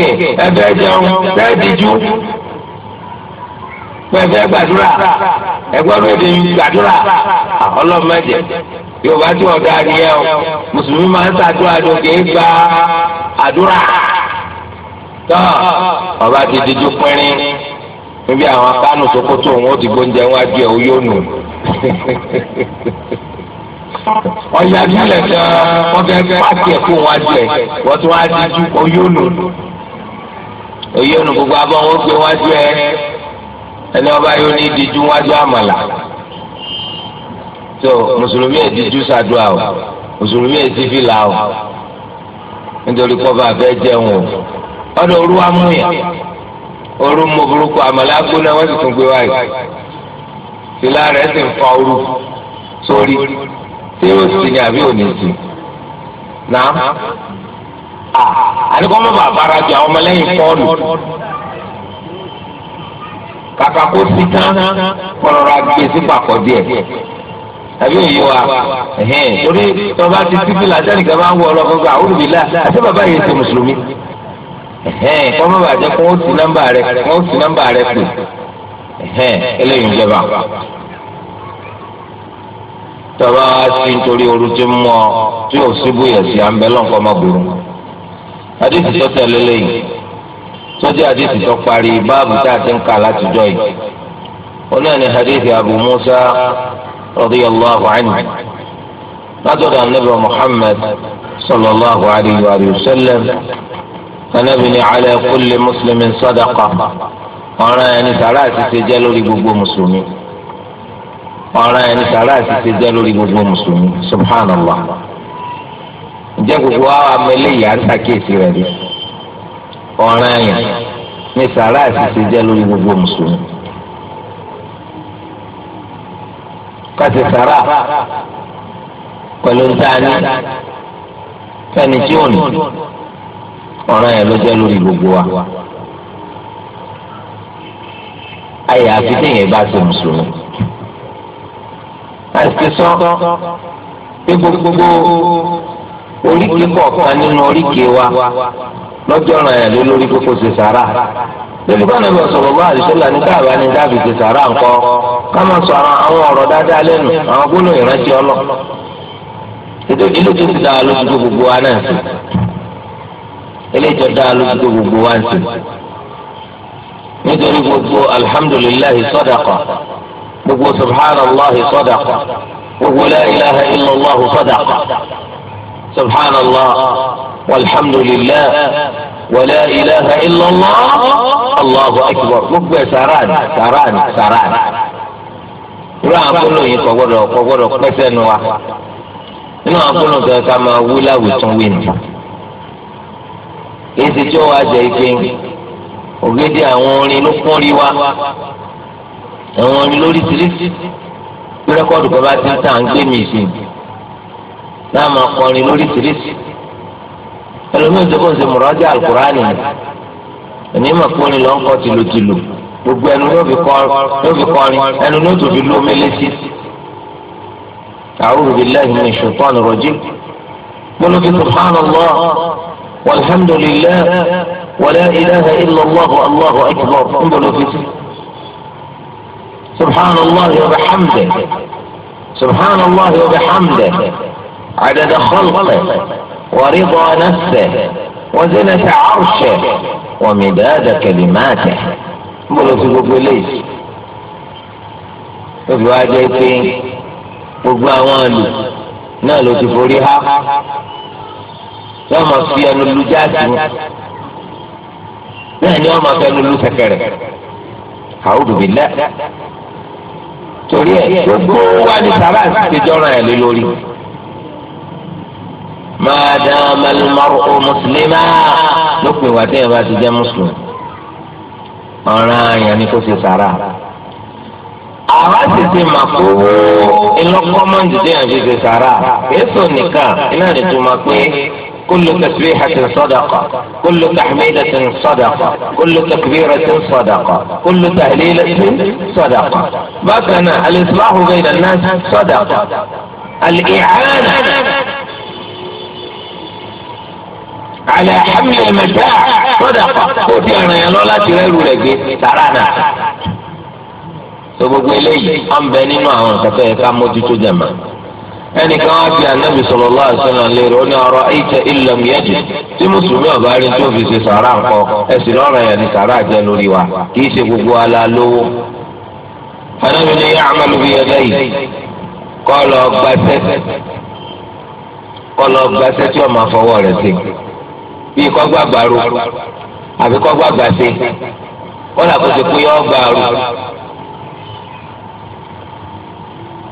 jẹun díjú gbàdúrà èdè gbàdúrà tí nìyẹn o mùsùlùmí máa ń lókè tọ́ ọba ti di ju pínrín níbi àwọn kánú sokoto òun ó ti gbóúnjẹ wọn adìẹ ó yóò nù ọ̀yà nílẹ̀ gan-an wọ́n fẹ́ pàṣẹ kó wọn adìẹ wọ́n tún wá di ju ó yóò nù ó yóò nù gbogbo abọ́ wọn gbé wọn adìẹ ẹni ọba yóò ní ìdíjú wájú àmàlà tó mùsùlùmí ìdíjú ṣàdúrà o mùsùlùmí ìdíjú fìlà o nítorí kọ́ bá fẹ́ jẹun o ọdọ òru wa mú yẹn òru mú burúkú àmàlà gbóná wọn sì tún gbé wáyé tìlá rẹ sì ń fa òru sórí tí ó sì ní àbí òní sí náà à àníkọ́ mọ́ bàbá ara jẹ àwọn ọmọlẹ́yìn pọ́ọ̀lù kàkà kó sí tán kọ̀rọ̀ra gbé sí pàkọ́ díẹ̀ àbí òye wa torí tọ́ba ti síbi làtẹ́nìkan máa ń wọ ọlọ́gbọ́n gbà ó àti bàbá yìí ti mùsùlùmí. ẹhẹn kọ́ mọ́ bàjẹ́ kó o sì nọ́mbà rẹ kó o sì nọ́mbà rẹ pè jẹba tọ́ba wá sí nítorí ooru tí ń mọ́ ọ tí o sì bóyá sí àmbẹ́lọ́ nǹkan má burú àdìsí tó tẹ̀lé lẹ́yìn tó jẹ́ àdìsí tó parí báàbù tá a ti ń kà látijọ́ yìí onáà Abu Musa radiyallahu látọ̀dọ̀ Muhammad sallallahu alayhi wa sallam. anábìnrin ala kulli muslimin sadaqa ọ̀ràn ẹni sàrà àṣìṣe jẹ́ lórí gbogbo mùsùlùmí ọ̀ràn ẹni sàrà àṣìṣe jẹ́ lórí gbogbo mùsùlùmí subhanallah ǹjẹ́ gbogbo àwọn amẹ́lẹ́ yìí á ń sàkíyèsí rẹ̀ rí ọ̀ràn ẹ̀yàn ní sàrà àṣìṣe jẹ́ lórí gbogbo mùsùlùmí. kàti sàrà pẹ̀lú ntaani fẹ́ni tí ò ní ọ̀ràn yẹn ló jẹ́ lórí gbogbo wa. àyà àfi téèyàn bá ṣe mùsùlùmí. àti sọ pé gbogbo oríkèé kọ̀ọ̀kan nínú oríkèé wa lọ́jọ́ ọ̀ràn yẹn ló lórí kókó ṣe sàrà lórí bá nàbẹ sọ̀rọ̀ bá àdìsọlá ní dáàbà ní dáàbì ti sàrà ńkọ ká máa sọ àwọn ọ̀rọ̀ dáadáa lẹ́nu àwọn gbólóhùn ìrántí ọlọ ìlú ti ti dáa lójú gbogbo wa náà sí. eléyìí tó dáa lójú tó gbogbo wá ń sìn nítorí gbogbo alhamdulilahi sadaqa gbogbo subhanallahi sadaqa gbogbo la ilaha illallah sadaqa subhanallah walhamdulillah wala ilaha illallah allahu akbar gbogbo ẹ sàrán sàrán sàrán irú àwọn akólóyin kò gbọ́dọ̀ kò gbọ́dọ̀ pẹsẹ nu wa nínú àwọn akólóyin kò ká máa wí láwùjọ wí nù. èyí ti jọ́ wa jẹ́ ike ògidì àwọn orin ló kún rí wa àwọn orin lórí tìrìsì bí rẹ́kọ́dù kan bá ti ń tà ń gbé mi sí náà máa kọrin lórí tìrìsì ẹlòmíín tó kàn ṣe mùrọ́jà àlùkùránì ẹ̀mí mà kọrin lọ́n kọ́ tìlùtìlù gbogbo ẹnu yóò fi kọrin ẹnu yóò tó fi lómi létí. أعوذ بالله من الشيطان الرجيم قل سبحان الله والحمد لله ولا إله إلا الله الله أكبر الحمد لله سبحان الله وبحمده سبحان الله وبحمده عدد خلقه ورضا نفسه وزنة عرشه ومداد كلماته انظروا في بليس بلو عجيتين بلو عوالي نالو تفوريها wọ́n máa fi ẹnu lu jáde wọn bẹ́ẹ̀ ni wọ́n máa fi ẹnu lu kẹ̀kẹ́rẹ́ àwùjọ bí lẹ́ torí ẹ gbogbo wa ni sàrà ti jọra ẹ lé lórí. ما دام المرء مسلما lópin ìwà téèyàn bá ti jẹ́ mùsùlùmí ọ̀ràn àyàn ni kò ṣe sàrà àwa sì ti mà kó ìlọ́kọ́ mọ́ndé téèyàn fi ṣe sàrà èso nìkan iná ìtumọ̀ pé كل تسبيحة صدقة كل تحميدة صدقة كل تكبيرة صدقة كل تهليلة صدقة بكنا الإصلاح بين الناس صدقة الإعانة على حمل المتاع صدقة قلت أنا يا لولا تغيروا لك إيه؟ ترانا سبب إليه أم nínú àwọn nǹkan tó yẹ ẹnìkan wá bí anabi alaihi wasallam lérò ó ní ọ̀rọ̀ ẹyìtẹ ilẹm yẹjì tí mùsùlùmí ọba rí tó fi ṣe sàrà ńkọ́ ẹsìn lọrọ yẹn ni sàrà jẹ lórí wa kì í ṣe gbogbo ala lówó. anabi ní ya'malu bi yadayhi kọ́ lọ gbàṣẹ kọ́ tí ọmọ afọwọ́ rẹ̀ ṣe kọ́ àbí kọ́ kọ́ làkóso pé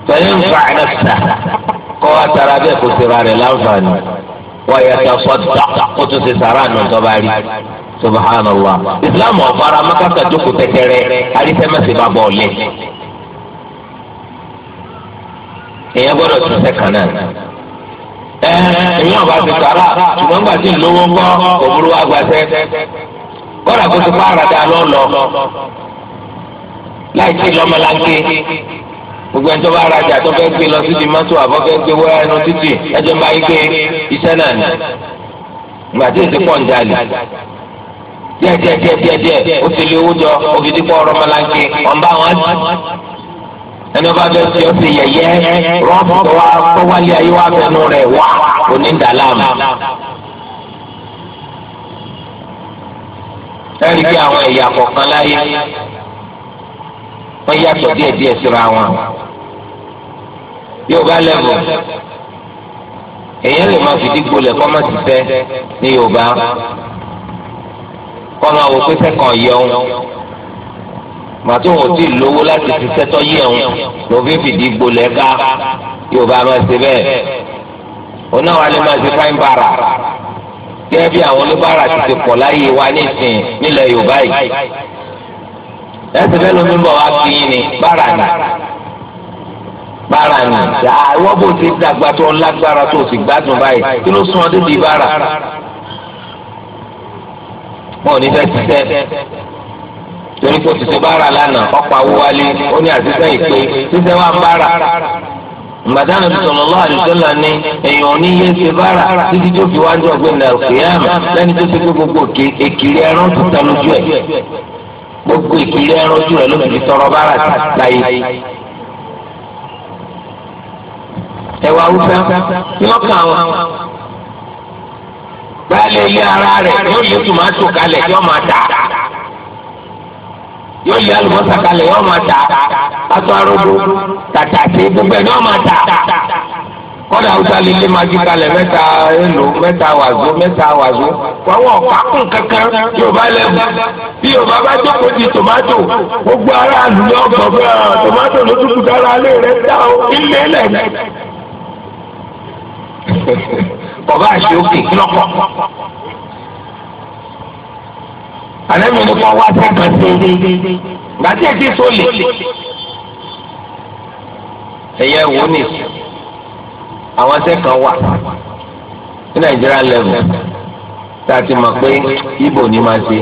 fẹ̀yìnfà ẹ̀sà kọ́ atara bẹ́ẹ̀ kò sèrà rẹ̀ láǹfààní wọ́n yẹ kẹ́ fọ́tà kó tún ṣe sàrà nù tọ́ba rí subhanallah islam ọ̀fara mọ́kàtà jókòó tẹ́tẹ́rẹ́ arísẹ́mẹsẹ̀ bá bọ̀ ọ̀lẹ́ èèyàn gbọ́dọ̀ tún sẹ́kàn náà ẹ èèyàn bá ti sàrà ṣùgbọ́n gbà tí lówó ń bọ́ òmùrú gbogbo ẹni tó bá rajà tó fẹ́ gbé lọ sí di mọ́tò àbọ̀ fẹ́ gbé wọ́n ẹnu títì ẹjọ́ bá yí pé iṣẹ́ náà ni ìgbà tí èsì pọ̀ ń jalè díẹ̀ díẹ̀ díẹ̀ díẹ̀ díẹ̀ ó ti lé owó jọ ògidì pọ̀ ọ̀rọ̀ malanke ọ̀nba wọn ẹni ọba bẹ fi ọsẹ yẹyẹ rọpò wa kọwálé ayé wa bẹnu rẹ wá onídàlámù. ẹ rí bí àwọn ẹ̀yà kọ̀ọ̀kan láyé wọ́n yàtọ̀ díẹ̀ díẹ̀ síra wọn. Yorùbá lẹ́bù èèyàn lè máa fìdí gbolẹ̀ kọ́ máa ti tẹ́ ní Yorùbá kọ́ máa wò pé sẹ́kàn yẹ òun màtó wọn ò tí ì lówó láti ti sẹ́tọ́ yẹ òun lòfin fìdí gbolẹ̀ ká Yorùbá máa ṣe bẹ́ẹ̀ onáwó alẹ́ máa ṣe fáin bàrà gẹ́gẹ́ bí àwọn oníbàárà ti ti pọ̀ láyé wa nísìnyí nílẹ̀ Yorùbá yìí ẹsẹ̀ fẹ́ lómi bọ̀ wá kí ni bára ni bára ni àwọn bò ti dàgbà tó lágbára tó sì gbádùn báyìí kí ló sún ọdún di bára wọn ò ní fẹ́ ti tẹ́ torí kò tètè bára lánàá ọ̀pọ̀ awúwálé ó ní àtijọ́ ìpè títẹ́ wà ń bára mbàdánù tó sọ̀rọ̀ lọ́wọ́ àdìsọ́là ni èèyàn ní yé ṣe bára títí tó fi wájú ọ̀gbìn nàìjíríà lẹ́ni tó ti gbé gbogbo èkìrí ẹran tó ta lójú ẹ̀ gbogbo ìpìlẹ̀ ẹran ojú rẹ̀ ló fi tọrọ bára láyé. ẹwà awúfẹ́ ni wọ́n kàn wọ́n baálé ilé ara rẹ̀ yóò lé tòmátò kalẹ̀ yóò máa tà á yóò lé àlùbọ́sà kalẹ̀ yóò máa tà á atọ́ arógbó tàtàtì gbogbo ẹ̀ yóò máa tà kọ́dà awúsá lè lé magi kalẹ̀ mẹ́ta èlò mẹ́ta wàzó mẹ́ta wàzó wàwọ̀ kákùn kankan yorùbá lẹ́bù bí yorùbá bá jókòó di tòmátò gbogbo ara àlùyọ̀ gbọ̀gbọ̀ tòmátò ló dúdú dára lé rẹ̀ dá o ilé lẹ̀. bàbá àṣẹ òkè lọ́kọ̀. àlẹ́mi ni wọ́n wá sẹ́kàn sí i gbàtí ètí sólè. ẹ̀yẹ wo ni àwọn ẹsẹ̀ kan wà ní nàìjíríà level tá a ti mọ̀ pé ibo ni máa ṣe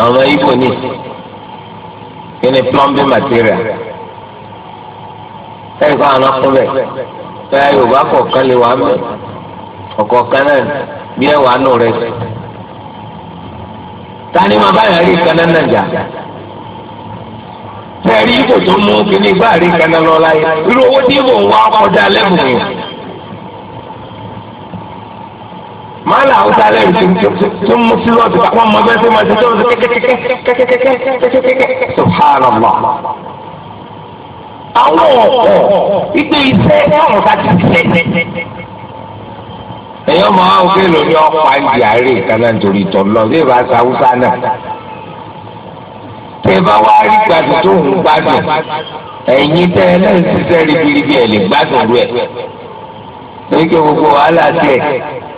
àwọn ibo ni kí ni plumbing material ẹ̀yìn kan àwọn akọ́bẹ̀ bẹ́ẹ̀ yorùbá kọ̀ọ̀kan lè wà mẹ́ ọ̀kọ̀ọ̀kan náà bí ẹ̀wà nù rẹ̀ sí. ta ni màá bá yàrá ìkànnì nàìjíríà tẹ̀rí ìbò tó mú kíní gbáàrí kaná lọ láyé irú owó tí ìbò ń wá kọjá lẹ́bùn yìí. mọ́là àwùjá lẹ́rù tó mú fúlọ́ọ̀tì pàpọ̀ ọmọ bẹ́ẹ̀ tó máa ṣe tó ń ṣe kẹ́kẹ́kẹ́kẹ́kẹ́kẹ́kẹ́kẹ́kẹ́ subhanallah. àwọn ọ̀pọ̀ ìgbé iṣẹ́ táwọn ká ti ṣẹ̀ èèyàn máa ń gbé lórí ọ̀pá ìyàrá ìkànnà nítorí tẹ bá wá rí gbádùn tó ń gbádùn ẹ̀yin tẹ ẹ náà ṣiṣẹ́ ribiribi ẹ̀ lè gbádùn rẹ̀ torí pé gbogbo wàhálà tiẹ̀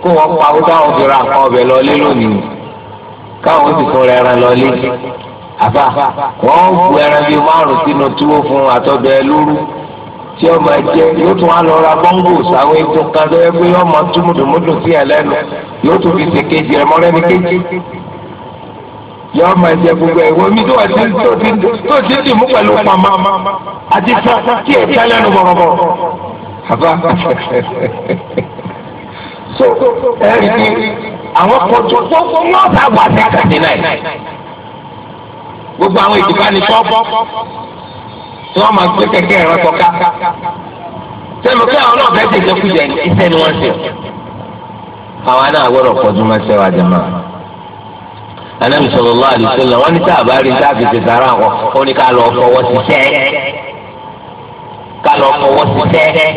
kó wọ́n pa ó dáhùn fi ra nǹkan ọbẹ̀ lọ lé lónìí káwọn sì tún rẹ̀ ẹran lọ lé àbá wọ́n bu ẹran bíi márùn sínú túwó fún àtọ́bẹ̀ lóru tí ọmọ ẹjẹ yóò tún wá lọ ra bọ́ńgò sáwọn ètò kan tó yẹ pé ọmọ túmùdùmùdù sí ẹ lẹ́nu yóò tún fi ṣèkejì ẹ mọ́rẹ́ni kejì yọọ máa jẹ gbogbo ẹ wọ́n mi tó ti tó ti tó ti dì mú pẹ̀lú pàmò àti fún kí ẹ tẹ́ lẹ́nu bọ̀rọ̀bọ̀rọ̀. àbá so ẹ rí i àwọn kan tó tó fún wọn bá wà ní àkàtì náà gbogbo àwọn ìdìbò àni tọ́pọ̀ tí wọ́n máa gbé kẹ̀kẹ́ ẹ̀rọ kọ́ká sẹ́mi kí àwọn náà bẹ́ẹ̀ tẹ̀sẹ̀ kú jẹ iṣẹ́ ni wọ́n ṣe. àwa náà gbọ́dọ̀ pọ̀jù máa ṣe wájú máa anabi sallallahu alaihi wasallam wọn ní tá a bá rí tá a fi ṣe sàrà wọn ó ní ká lọ fọwọ́ sí tẹ́ ká lọ fọwọ́ sí tẹ́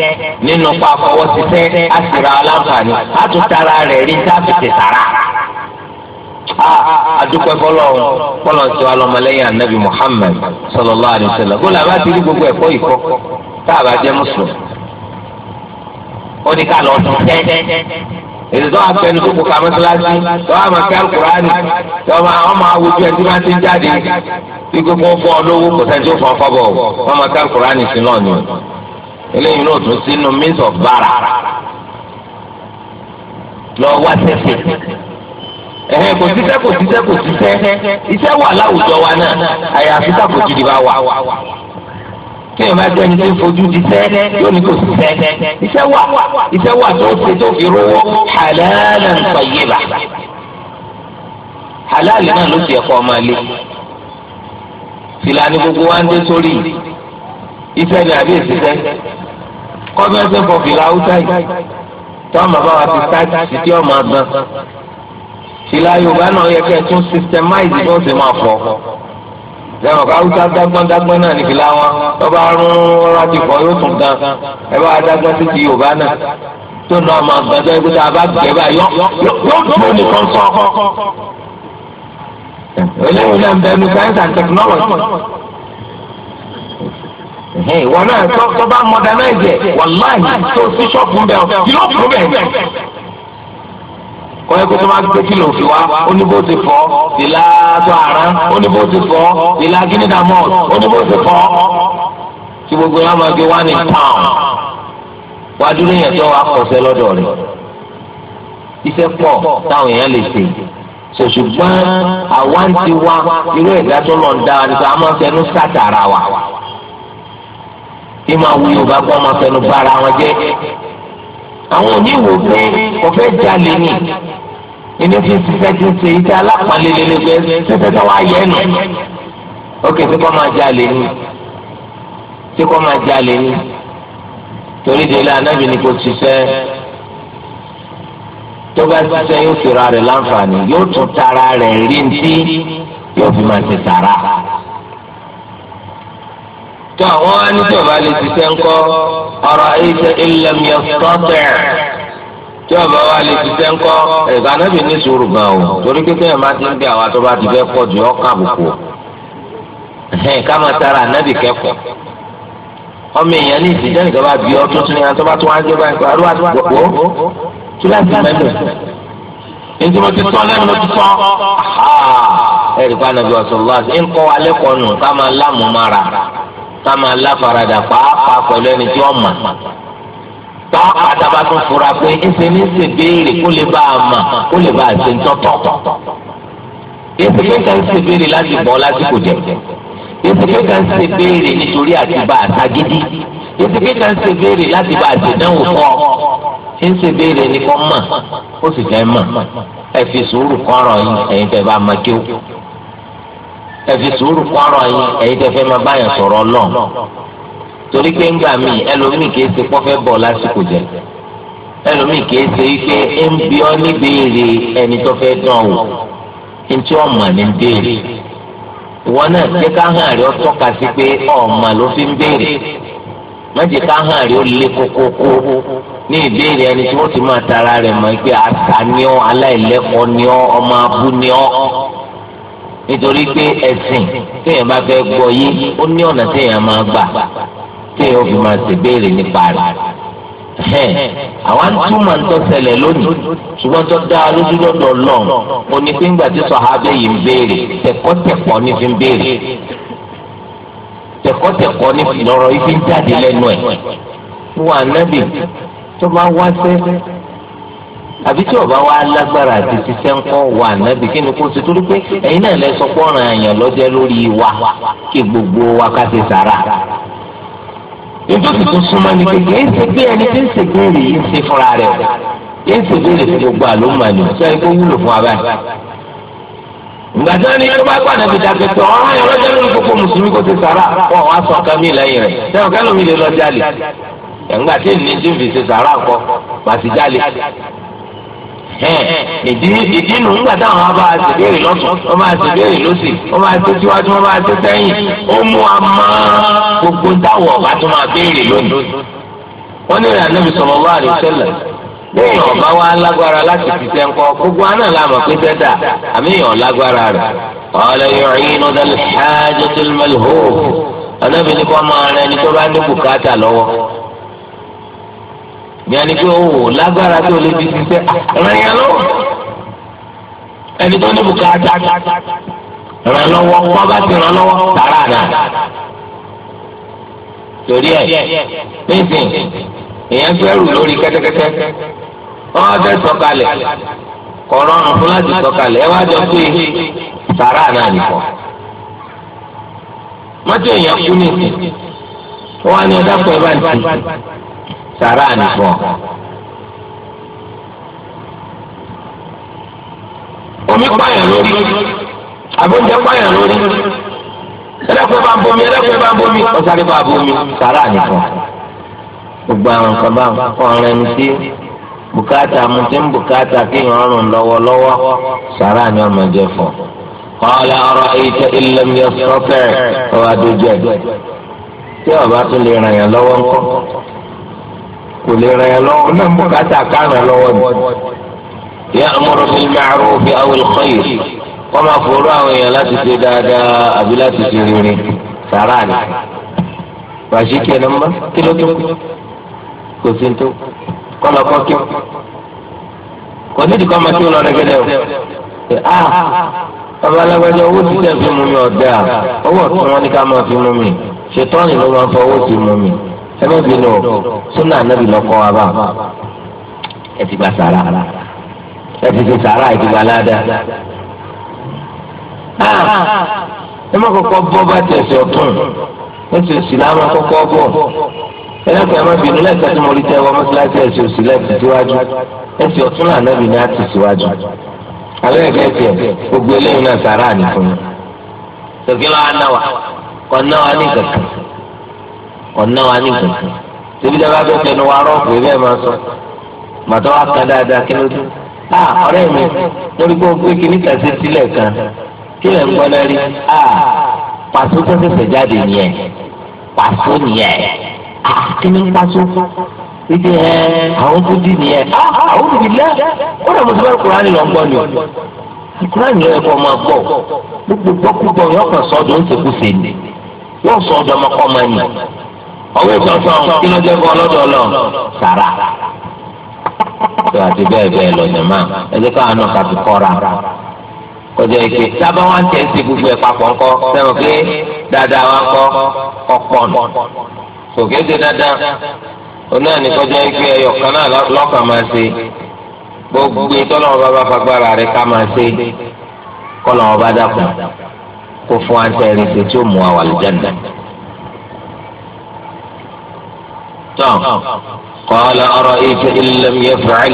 nínú pa fọwọ́ sí tẹ́ á sì ra aláǹfààní á tún tara rẹ̀ rí tá a fi ṣe sàrà. fọlọ́ fọlọ́ sí wa lọ́mọlẹ́yìn anabi muhammed sallallahu alaihi wasallam kó làbá ti rí gbogbo ẹ̀kọ́ ìkọ́ tá a bá jẹ́ mùsùlùmí ó ní ká lọ tún tẹ́ èdè tó wà fẹnu tó kó ka mọ́sálásí tó wà máa fi alukurani tó wà ọmọ awùjọ ẹ̀ tí wọ́n ti ń jáde bí gbogbo fún ọ lówó kò sẹ́ni tó fọ́n fọ́bọ̀ wọ́n máa fi alukurani sí náà ni eléyìí náà tún sínú means of bara lọ wá sẹ́sẹ̀ ẹ̀hẹ́n kò síṣẹ́ kò síṣẹ́ kò síṣẹ́ iṣẹ́ wà láwùjọ wa náà àyàfi tá kò bá wà kéèyàn bá jẹ́ ẹni tó ń fojú di sẹ́ yóò ní kò sí sẹ́ iṣẹ́ wà iṣẹ́ wà tó ṣe tó fi rówó halalan tayyiba halal náà ló ti ẹ̀kọ́ ọmọ ilé fìlàní gbogbo wa ń dé sórí iṣẹ́ ni àbí ìṣiṣẹ́ kọ́mẹ́sẹ̀ fọ fìlà haúsá yìí tó ọmọ bá wa ti sáà ti tí ọmọ gan fìlà yorùbá náà yẹ kẹ́ ẹ tún systemize bó ṣe máa fọ́ lẹ́wọ̀n ká awúsá dágbọ́n dágbọ́n náà nìkìlá wọn lọ́ba rún ọ̀rọ̀ àti ìfọ̀ yóò tún gan ẹ bá dágbọ́n sí ti Yorùbá náà tó nà ọmọ àgbàdo ẹgbẹ́ tá a bá gbẹ bá yọ yóò tó nìkan sọ. eléyìí náà ń bẹ ẹnu science and technology. ìwọ náà tó bá modernize ẹ̀ wàláhì tó sí ṣọ́ọ̀bù ń bẹ̀ ọ́ kí ló kú bẹ̀ kọ́yẹ́ kó tó máa gbé kìlò fi wá ó ní bó ti fọ́ ìlà tó àrán ó ní bó ti fọ́ ìlà gínídàmọ́ọ̀ ó ní bó ti fọ́ tí gbogbo yàrá máa gbé wá ní pàm wá dúró yẹn tó wàá kọsẹ̀ lọ́dọ̀ rẹ̀ iṣẹ́ pọ̀ táwọn èèyàn lè ṣe ṣòṣùgbọ́n àwa ń ti wá irú ẹ̀dá tó lọ ń da wa nípa àmọ́ fẹnu sàtàrà wa kí máa wú yorùbá kó máa fẹnu bára wọn jẹ́ àwọn òní wò pé kò fẹ́ jalè ni ẹni fi ṣiṣẹ́ ti ṣe iṣẹ́ alápàlélélẹ́gbẹ́ ṣẹṣẹ́ tó wá yẹ nù. ókè tí kò máa jalè ní tí kò máa jalè ní torí délé anábì ni kò ṣiṣẹ́ tó bá ṣiṣẹ́ yóò fi ra rẹ̀ láǹfààní yóò tún tara rẹ̀ rí ntí yóò fi máa ṣe tara. tó àwọn anítọ̀bá lè ṣiṣẹ́ ńkọ́ ọ̀rọ̀ ayé ṣe ilẹ̀ mi ọ̀ tí ọba wa lè ti ẹ̀ka ní sùúrù gan o torí pé kéèyàn máa ti ń bí àwa tó bá ti fẹ́ pọ̀ àbùkù o ká máa tara anábì kẹ́kọ̀ọ́ ọmọ èèyàn ní ìsìnjẹ́ nìkan bá bí ọdún tún ní àtọ́ bá tún wá gbé báyìí pàrọ̀ wá tó gbogbo tí láti mẹ́lò ètò mo ti tán lẹ́nu ló ti tán ẹ̀rí pa nàbí ọ̀sán lọ́wọ́ pàápàá àtàbà tó fura pé ẹsẹ ní ṣe béèrè kó lè bá a mà kó lè bá a ṣe tọ́tọ̀ ẹsẹ pé ká ń ṣe béèrè láti bọ́ lásìkò jẹ ẹsẹ pé ká ń ṣe béèrè nítorí àti bá a ṣagídí ẹsẹ pé ká ń ṣe béèrè láti bá a ṣe dánwò fọ́ ẹ ń ṣe béèrè ní kọ́ mà ó sì fẹ́ mà ẹ fi sùúrù kọ́rọ̀ yín ẹ̀yin tẹ́ bá a máa kéwò ẹ fi sùúrù kọ́rọ̀ yín ẹ̀yin tẹ́ fẹ́ máa báyàn sọ̀rọ̀ ọlọ́run torí pé ńgbà mi ẹlòmíì kìí ṣe pọ́fẹ́ bọ̀ lásìkò jẹ ẹlòmíì kìí ṣe pé ń bí ọ níbèrè ẹni tó fẹ́ dán o ntí ọmọ ní ń béèrè ìwọ náà jẹ́ ká hàn rí ọ tọ́ka sí pé ọmọ ló fi ń béèrè má jẹ́ ká hàn rí ó lé kókókó ní ìbéèrè ẹni tí wọ́n ti máa tara rẹ̀ mọ́ pé àṣà ni ọ́ aláìlẹ́kọ̀ọ́ ni ọ́ ọmọ abú ni ọ́ nítorí pé ẹ̀sìn téèyàn bá fẹ́ gbọ́ yé ó ní ọ̀nà téèyàn máa gbà tí èèyàn fi máa ṣe béèrè nípa rẹ̀ hẹ́n àwa ń túmọ̀ ń tọ́sẹ̀lẹ̀ lónìí ṣùgbọ́n tó dá lójú lọ́dọ̀ lọ́n onípéǹgbà tí sọ̀hábẹ́ yìí ń béèrè tẹ̀kọ́tẹ̀kọ́ ní fi ń béèrè tẹ̀kọ́tẹ̀kọ́ ní fi lọ́rọ̀ ibi ń jáde lẹ́nu ẹ̀ fún tó bá wá sẹ́ àbí tí ọba wa lágbára àti ṣiṣẹ́ ń wa kí ni kó ṣe torí pé ẹ̀yin náà lẹ sọ pé ọ̀ràn gbogbo wa ká ìjọsìn tó súnmọ́ ni pé kìí ṣe pé ẹni tí ń ṣègbèrè yìí ń ṣe fúnra rẹ̀ kìí ṣègbèrè sí gbogbo àlómà ni sọ yìí kó wúlò fún abẹ́. ìgbàdàn ni yorùbá gbàdàn fi dàgbé tó ọ̀hún ẹ̀rọ jẹ́ lórí gbogbo mùsùlùmí kò ti sàrà wọ́n wá sọ ọ̀kan mi lẹ́yìn rẹ̀ sẹ́wọ̀n kẹ́lómi lè lọ jálè ẹ̀ngbà tí ènìyàn ti fi ṣe sàrà ńkọ́ màtí jálè ìdí nù nígbà táwọn bá a ṣe béèrè lọ́sùn wọ́n máa lọ́sì wọ́n máa ṣe síwájú ó mú a mọ́ gbogbo táwọn ọ̀gá tó máa béèrè lónìí. wọ́n ní ìrànlẹ́ mi sọ̀rọ̀ wá àdìsí sẹ́lẹ̀ lẹ́yìn ọ̀bá wa lágbára láti fi ṣe ńkọ gbogbo aná làmọ̀ pé sẹ́dà àmì ìyàn lágbára rẹ̀ ọ̀lẹ́ yọ̀ọ́yìn ọ̀dàlẹ̀ yẹn ni pé o wò lágbára tó lè fi ṣiṣẹ́ ah, ràn yẹn lọ́wọ́ ẹni tó ní bùkátà ràn lọ́wọ́ wọ́n bá ti ràn lọ́wọ́ tààrà náà torí ẹ̀ nísìn èèyàn fẹ́rù lórí kẹ́tẹ́kẹ́tẹ́ wọ́n fẹ́ sọ̀kalẹ̀ kọ̀ọ̀rọ̀ ọ̀rùn fún láti sọ̀kalẹ̀ ẹ wá jọ pé tààrà náà nìkan mọ́tò èèyàn kú nìsín wọ́n á ní ọ̀dà pọ̀ ẹ̀ bá ń tì í. sàrà nìfọ̀n. omi pààyàn lórí àbójẹ pààyàn lórí ẹlẹ́kùn bá ń bomi ẹlẹ́kùn bá ń bomi ọ̀sáré bá bomi sàrà nìfọ̀n. gbogbo àwọn kan bá ọ̀rẹ́ ní sí bùkátà mo ti ń bùkátà kéèyàn ọrùn lọ́wọ́lọ́wọ́ sàrà ni ọmọ jẹ fún. قال أرأيت إن لم يستطع فأدجد. يا باتل يا kò lè ràn yẹn lọ́wọ́ náà mú kàtà káràn lọ́wọ́ ni. ya'muru bil ma'ruf awil khair wọ́n máa fòrò àwọn èèyàn láti ṣe dáadáa àbí láti ṣe rere sàrà ni. wàṣí kí ẹnu mọ́ kí ló tó kò sí tó kọ́ lọ́kọ́ kí kò ní ìdíkọ́ máa kí lọ rẹ̀ gẹ́lẹ́ o ah, bàbá alágbájá owó ti tẹ̀ fi mú mi ọ̀dẹ́ à owó ọ̀tún wọn ni ká máa fi mú mi ṣètọ́ni ló máa fọ owó ti mú mi ẹ má bínú súnà anábì lọ́kọ́ wa bá ẹ ti gba sàrà ẹ ti fi sàrà ẹ ti gba ládàá ah! ẹ má kọ́kọ́ bọ́ bá tẹ̀sí ọ̀tún ó ti sì láwọn kọ́kọ́ bọ̀ ẹ lẹ́kọ̀ọ́ ẹ má bínú lẹ́sẹ̀ tí mo rí tẹ́ wọ́n mọ́sálásí ẹ̀sìn òsì lẹ́sìn síwájú ẹ̀sìn ọ̀tún náà anábì ní àti síwájú àbẹ́ ẹ̀kẹ́ tiẹ̀ gbogbo eléyìí náà sàrà nìkan tòkí lọ́wọ́ náà wà kọ́ náà wà ní kankan ọ̀nà wa ní ìgbọ̀nsẹ̀ tóbi dá bá bẹ́ẹ̀ tẹnu wa rọ́ọ̀kù ẹ̀ bẹ́ẹ̀ máa sọ màtọ́ wa kan dáadáa kí ló dé a ọ̀rẹ́ mi lórí kó o gbé kíní kàṣẹ sílẹ̀ kan kí lè ń gbọ́ lẹ́rí a pàṣọ tó ṣẹ̀ṣẹ̀ jáde nìyẹn pàṣọ nìyẹn a kí ni pàṣọ ibi ẹ àwọn tó dì nìyẹn a àwọn tó dì lẹ ó dà mùsùlùmí kùránì lọ ń gbọ́ ni o kùránì lọ ẹ̀kọ́ máa gbọ́ gbogbo gbọ́kúgbọ́ yọkàn sọ́dún ó ṣèkú ṣe ni owó sọ̀sọ̀ kí ló jẹ́ bọ́ lọ́dọ̀ lọ sàrà tó àti bẹ́ẹ̀ bẹ́ẹ̀ lọ jẹ̀má ẹ jẹ́ káwọn náà kà fi kọ́ra kọjá ike sábà wọn tẹ̀ sí gbogbo ẹ̀ papọ̀ ńkọ́ sẹ́wọ̀n pé dáadáa wọn kọ́ ọ̀pọ̀ nù sòkè ṣe dáadáa onáà ní kọjá ike ẹyọ kan náà lọ́kàn máa ṣe gbogbo ìtọ́lọ́wọ́ bá bá fagbára rẹ̀ ká máa ṣe kọ́lọ́wọ́ bá dàpọ̀ kó fún wa tí ó mú wa wà lójà tán qala ara'ayta in lam yaf'al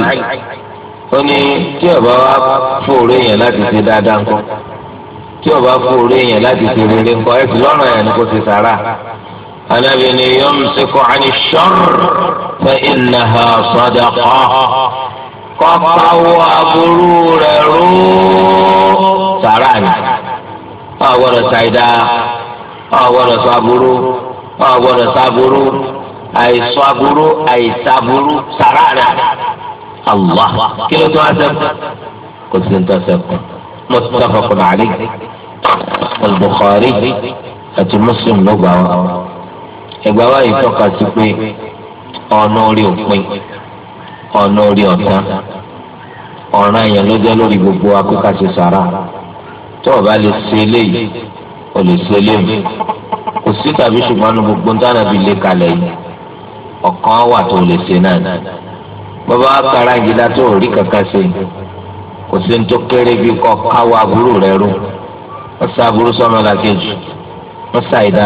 ó ní tí ọba wa fòrè yẹn láti ṣe dáadáa ńkọ́ tí ọba fòrè yẹn láti ṣe rere ńkọ́ ẹ sì lọ́rùn yẹn ni kò ṣe sàrà anabi ni yumsiku ani sharr fa innaha sadaqa kọ́páwó aburú rẹ̀ ró sàrà ni ọ̀gbọ́dọ̀ ṣàìdá ọ̀gbọ́dọ̀ ṣàbúrú ọ̀gbọ́dọ̀ ṣàbúrú àìsọ aburú àìsàburú sàràrà allah kí ló tó wá sẹ́kù kò sí ní tó sẹ́kù mustapha kùnàlí al-bukhari àti muslim ló gbà wá ẹgbà wá yìí tọ́ka sí pé ọ̀nà orí òpin ọ̀nà orí ọ̀tá ọ̀ràn yẹn ló jẹ́ lórí gbogbo akókàṣe sàrà tó o bá lè ṣe eléyìí o lè ṣe eléyìí kò sí tàbí ṣùgbọ́n gbogbo ń dáná bíi kalẹ̀ yìí. ọ̀kan wà tó lè ṣe náà ni bàbá akara ìjìlá tó rí kankan ṣe kò sí ní tó kéré bí kò káwọ aburú rẹ rú wọ́n sá aburú sọ́mọ wọ́n sá ìdá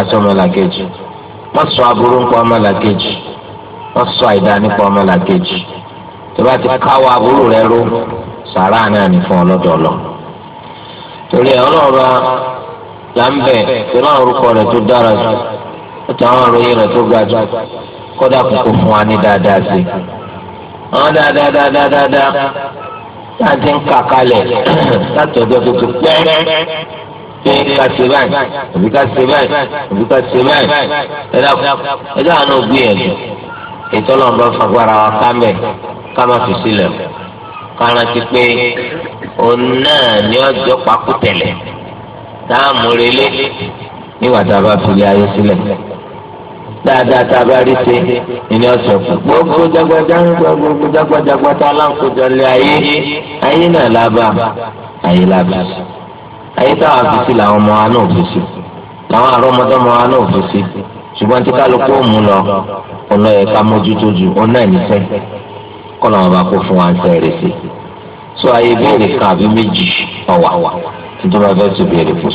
wọ́n sọ aburú ńpa ọmọ wọ́n sọ ìdá nípa ọmọ tó bá ti káwọ aburú rẹ rú sàrà náà ní fún ọlọ́dọọlọ torí ẹ̀ ọlọ́ọ̀bá là ń bẹ̀ pẹ̀lú orúkọ rẹ̀ tó dára jù kọ́dà kúkú fún wa ní dáadáa sí. àwọn dáadáa dáadáa dáadáa náà ti ń kà kalẹ̀ látọ̀jọ́ tó ti pẹ́ pé ká ṣe báyìí àbí ká ṣe báyìí àbí ká ṣe báyìí ẹ̀dá ẹ̀dá àwọn náà gbìyànjú ètò ọlọ́run bá fagbára wa ká mẹ́ ká má fi sílẹ̀ ká rántí pé òun náà ní ọjọ́ pakú tẹ̀lẹ̀ relé níwàdà bá fi lé ayé sílẹ̀ dáadáa tá a bá rí ṣe ìní ọ̀sẹ̀ fún. gbogbo jágbájá gbogbo jágbájágbá tá a láǹkójọ lé ayé ayé náà lába ayé lába ayé táwọn afisi làwọn ọmọ wa náà fi sí làwọn àrọ́mọdọ́mọ wa náà fi sí ṣùgbọ́n tí kálukú ò mú lọ ọ̀nà ẹ̀ka mójútó ju ọ̀nà ìníṣẹ́ kọ́ làwọn bá kó fún wa ń sẹ́rẹ̀ sí. sọ ayé béèrè kan àbí méjì ọ̀wà ìjọba fẹ́ẹ́ tún béèrè fún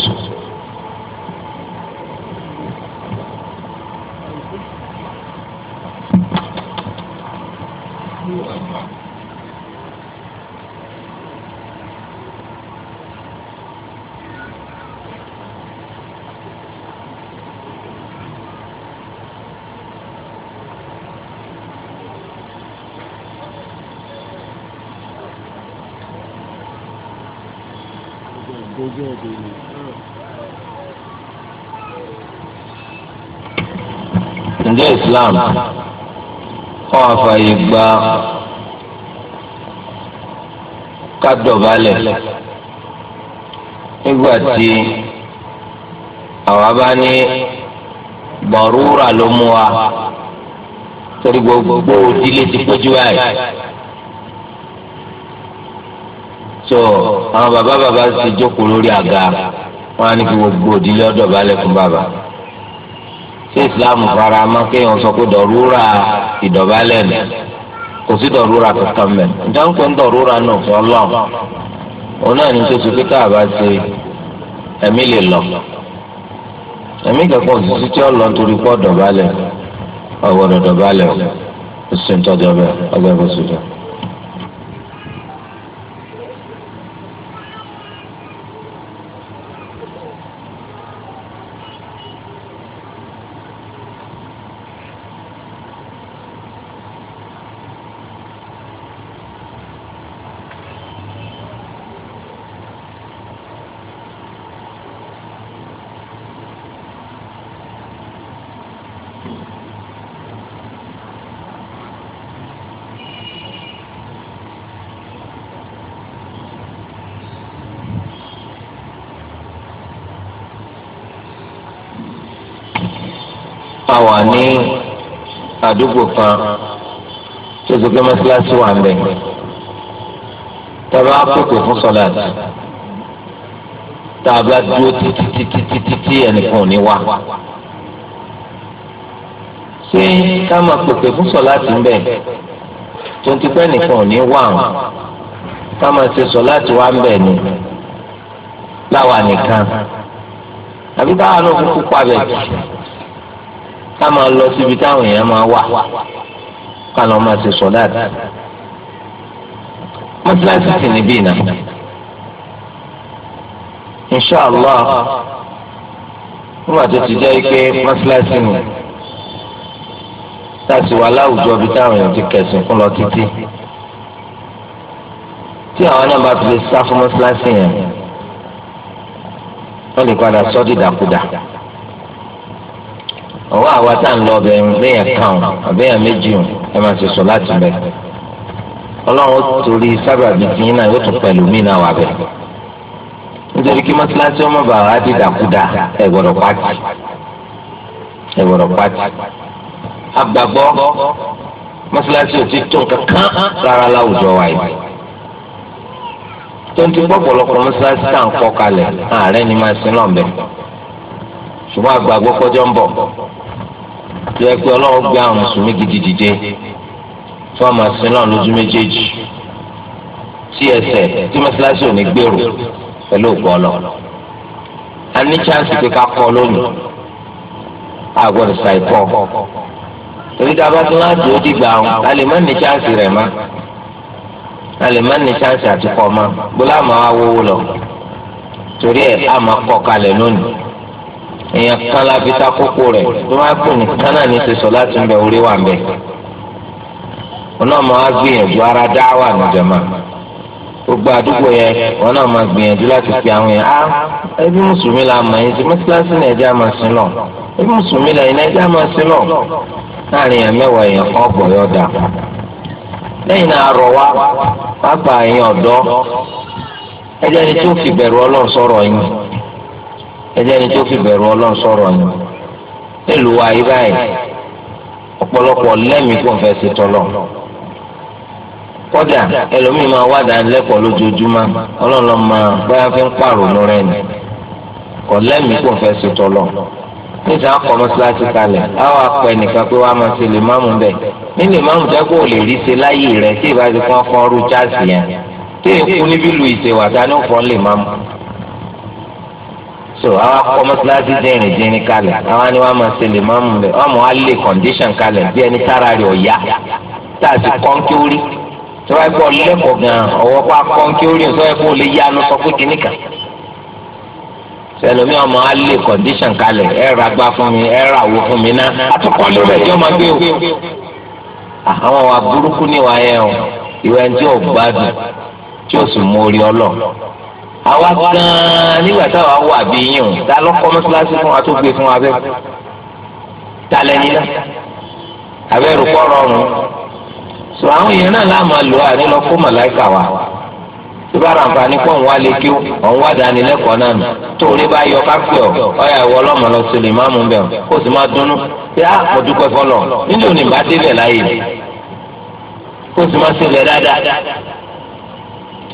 islam ọ àfààyè gba kádọ̀bálẹ̀ nígbà tí àwa bá ní bọ̀rúra ló mú wa torí gbogbo òdílé ti péjú báyìí so àwọn bàbá bàbá ti jókòó lórí àga wọn á ní kí gbogbo òdílé ọ̀dọ̀bálẹ̀ fún bàbá tí Islam fara mọ́ kéèyàn sọ pé dọ̀rúra ìdọ̀bálẹ̀ nù kò sí dọ̀rúra kankan mẹ́ ǹjẹ́ ń pè ń dọ̀rúra náà fún ọlọ́run òun náà ní tó ti pété àbá ṣe ẹ̀mí lè lọ ẹ̀mí kankan òṣìṣẹ́ tí ó lọ nítorí pọ́ dọ̀bálẹ̀ ọ̀wọ́ dọ̀bálẹ̀ òṣìṣẹ́ ń tọ́jú ọbẹ̀ ọgbẹ́ bó ṣe jẹ́. a wà ní àdúgbò kan tó ti pé mọ́sálásí wà ń bẹ̀ tàbá pèpè fún sọ́láàtì tàbá dúró títí títí títí tí ẹnìkan ò ní wá ṣé ká máa pèpè fún sọ́láàtì ń bẹ̀ tó ti pẹ́ nìkan ò ní wá àwọn ká máa ṣe sọ́láàtì wá ń ni láwa nìkan àbí báwa náà kúkú pa bẹ̀ jù ká máa lọ síbi táwọn èèyàn máa wà ká lọ máa ṣe sọ̀dáàtì mọ́tíláṣí sì níbí iná inṣàlá nígbà tó ti jẹ́ pé mọ́tíláṣí ni láti wà láwùjọ bí táwọn èèyàn ti kẹ̀sìn fún lọ títí tí àwọn náà bá fi lè sá fún mọ́tíláṣí yẹn wọ́n lè padà sọ́ dìdàkudà. ọwọ́ àwa tá à ń lọ bẹ̀rù kan àbẹ́yàn méjì ẹ máa ṣe sọ láti bẹ̀. ọlọ́run torí sábàbí tí yín náà yóò tún pẹ̀lú mí náà wà bẹ̀. nítorí gbọ́dọ̀ pàtì ẹ gbọ́dọ̀ pàtì. àgbàgbọ́ mọ́tíláṣí ò ti tó rárá láwùjọ wa yìí. tó ń ti gbọ́ pọ̀lọpọ̀ mọ́tíláṣí tá à ń kọ́ kalẹ̀ ààrẹ ni máa ṣùgbọ́n àgbàgbọ́ kọjọ́ ń bọ̀ tó yẹ pé ọlọ́run gbé àwọn mùsùlùmí gidi dìde fún àmà sílọ̀ lójú méjèèjì tí ẹsẹ̀ tí mọ́sálásí ò ní gbèrò pẹ̀lú òkú ọlọ́ a ní chance pé ká kọ́ lónìí àgbọ̀dọ̀ ṣàìkọ́ torí tá a bá tún dìgbà àwọn a má ní chance rẹ̀ má a má ní chance àti kọ́ ma bó láàmú àwọn lọ torí ẹ̀ àmà kọ́ kalẹ̀ lónìí. èèyàn kan la fi ta kókó rẹ̀ tó máa pè ní kánà ní ti sọ láti ń bẹ orí wọn náà máa gbìyànjú ara dá wà gbogbo àdúgbò yẹn wọn náà máa gbìyànjú láti fi àwọn yẹn á ah, ẹbí mùsùlùmí la tí máa sin lọ ẹbí mùsùlùmí la máa sin lọ láàrin yẹn yẹn dà náà wá pápá ẹjẹ́ ni tó fi bẹ̀rù ọlọ́run sọ̀rọ̀ ni nílùú wa yìí báyìí ọ̀pọ̀lọpọ̀ lẹ́mìí kò fẹ́ ṣe tọ́lọ̀ kódà ẹlòmíì máa wá dánilẹ́kọ̀ọ́ lójoojúmọ́ ọlọ́run máa báyà fi ń pààrọ̀ lọ́rẹ́ ni kò lẹ́mìí kò fẹ́ ṣe tọ́lọ̀ níta kọ́mọ́ síláṣí kalẹ̀ àwọn apẹ̀ nìkan pé wàá máa ṣe lè máàmù bẹ̀ nílẹ̀ máàmù jẹ́ kó o lè rí ṣe láyé rẹ̀ tí ìbá ti kọ́ jáàsì yẹn tí èkú níbi lu ìṣèwà dání ò fọ́ lè máàmù. so àwa kọ́ mọ́sálásí dẹ́rìn dẹ́rìn kalẹ̀ àwa ni wọ́n máa ṣe lè máa mú bẹ̀ wọ́n máa lè kọ́ndíṣàn ọ bí ẹni tára rẹ̀ ọ̀yá tá a sì kọ́ńkí orí tí wọ́n gbọ́ lẹ́kọ̀ọ́ gan pa orí lè sọ pé kìnnì kan sẹlẹmi ọmọ alẹ kọndíṣàn fún mi ẹ ra fún mi ná àtúkọ máa gbé o àwọn wa burúkú o ìwé ẹni tí gbádùn tí sì mú orí àwa gan-an nígbà táwa wà bí yín o ta lọ́kọ́ mọ́sálásí fún wa tó gbé fún wa bẹ́ẹ̀ ta lẹ́ni náà abẹ́rù kọ́ rọrùn sọ àwọn èèyàn náà láàmà lò á nílọ fún màláìkà wa tó bá ràn fani kó òun wá lè kí òun wá dání lẹ́kọ̀ọ́ náà nù tó orí bá yọ káfíọ̀ ọ̀yà ìwọ ọlọ́mọ lọ sílẹ̀ ìmáàmù bẹ̀ kó sì máa dunnú bí a kò dúpẹ́ fọlọ̀ nílò ní bá débẹ̀ láàyè kó sì máa sílẹ̀ dáadáa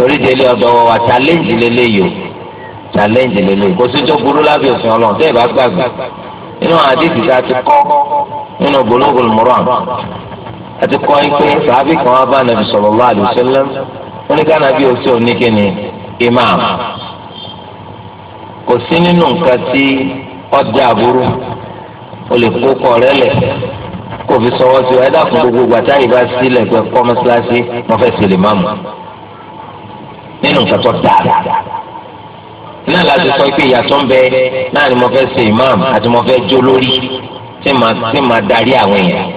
torí délé ọ̀dọ̀ wa challenge lélẹ́yìí o challenge lélẹ́yìí kò sí tó burú lábẹ́ òfin ọlọ́run tẹ́ ẹ bá gbàgbé nínú àdìsí tá a ti kọ́ nínú Bulugul Maram a ti kọ́ ipe sàábì kan wá bá nàbì sallallahu alaihi wasallam oníkànnà bí o ṣe oníkẹ́ni imam kò sí nínú nǹkan tí ọjà àbúrú o lè kó kọ́ rẹ lẹ̀ kó fi sọwọ́ sí ọ ẹ dákun gbogbo gbàtà ìbá sílẹ̀ pẹ́ kọ́ mọ́ṣáláṣí wọ́n fẹ́ sílẹ̀ máàmù nínú nǹkan tó dáa náà láti sọ pé ìyàtọ̀ ń bẹ náà ni mo fẹ́ ṣe imam àti mo fẹ́ jó lórí tí màá tí màá darí àwọn èèyàn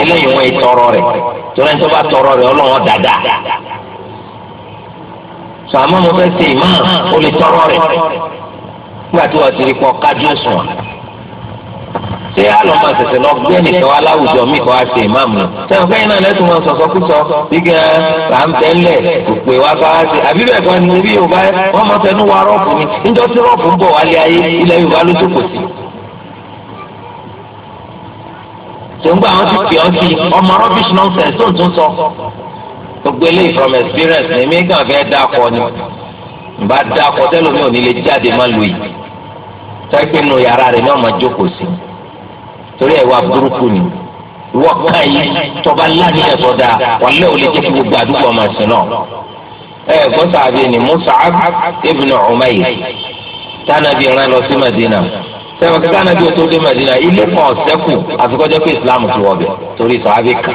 eléyìí wọn ìtọrọ rẹ torí ẹni tó bá tọrọ rẹ ọlọ́wọ́n dáadáa sọ àmọ́ mo fẹ́ ṣe imam ó tọrọ rẹ nígbà tí wọ́n ti rí kọ́ kájú òṣùwọ̀n ṣé àlọ́mọ àtẹ̀tẹ̀ lọ gbé nìkan wá láwùjọ mi kọ́ wá ṣe ìmáàmù nù. sẹ́wọ̀n fẹ́yìn náà lẹ́sùn wọn sọ̀sọ́ kú sọ gbígbẹ́ là ń bẹ́ ńlẹ̀ òpè wá bá wá ṣe àbí bẹ́ẹ̀ kan ní bí yorùbá wọn mọ fẹnu wa rọ́ọ̀bù mi níjọ́ tí rọ́ọ̀bù ń bọ̀ wálé ayé ilẹ̀ yorùbá ló jókòó sí. tòǹgbà àwọn ti pè ọ́ sí ọmọ rubbish nonsense tó ń sọ. gbogbo eléyìí from experience ní mí kàn fẹ́ dákọ ni ìbá dákọ tẹ́lómi ò ní lè jáde má lu torí ẹ̀ wá burúkú ni wọ́n ká yìí tọ́ba láti ẹ̀ sọ́dà wọ́n lé olè jẹ́ kí gbogbo àdúgbò ọmọ ẹ̀sìn náà. ẹ gbọ́n sàbí ni Mus'ab ibn Umayr tánàbí rán lọ sí Madina sẹ́wọ̀n kí tánàbí o tó dé Madina ilé kan ọ̀sẹ́kù àfikọ́jọ́ pé Islam ti wọ̀ bẹ̀ torí sàbí kà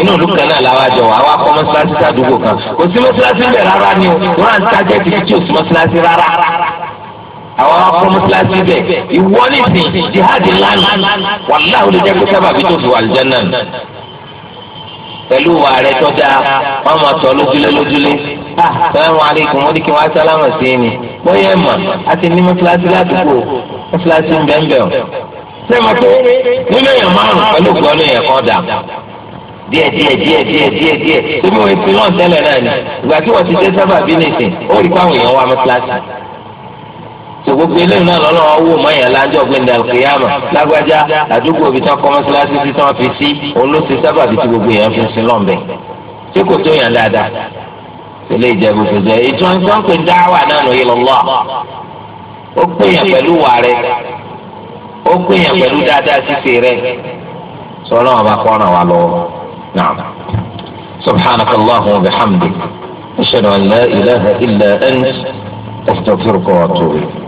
inú ìlú kan náà làwọn àjọ àwọn akọ mọ́sálásí sádùúgbò kan kò sí mọ́sálásí bẹ̀ rárá ni o wọ́n á ń tajẹ́ kí tí o sí mọ́sálásí rárá àwọn akọmọsíláṣí bẹ ìwọ nìsín jihadi lánàá wàlá olè jẹ kó sábàbí tó fi wà lùjánà nù pẹ̀lú wa rẹ tọ́jà wọn máa tọ́ lójúlé lójúlé sọ́yàmù aleikum wọ́n ní kí wọ́n á sálámà sí i ni bóyá ẹ̀ mà á ti ní mọ́sálásí ládùúgbò mọ́sálásí ń bẹ́ẹ̀ bẹ́ẹ̀ o. sẹ́mi pé nínú èèyàn márùn pẹ̀lú gbọ́nú èèyàn kan dà díẹ̀ díẹ̀ díẹ̀ ti lọ́ọ̀ tẹ́lẹ̀ náà ni ìgbà tí wọ́n ti dé sábà bí nìsín ó rí káwọn èèyàn wá mọ́sálásí gbogbo eléyìí náà lọ́nà owó mọ̀yàn lájọ́ gbẹ̀ndẹ̀ àlùkìyàmà lágbájá àdúgbò ibi tán kọ́ mọ́sálásí tí tán fi sí olóṣè sábà bí ti gbogbo èèyàn fi sí lọ́nbẹ̀ tí kò tó yàn dáadáa ilé ìjẹ̀bù fìdí ètò ìtàn pé dáwà náà lóye lọ́lọ́ ó péyàn pẹ̀lú wà rẹ ó péyàn pẹ̀lú dáadáa ṣíṣe rẹ sọlá wọn bá kọ́ ràn wá lọ́wọ́ náà subhanaka allahumma wa bihamdik ashhadu an ilaha illa anta astaghfiruka wa atubu ilayk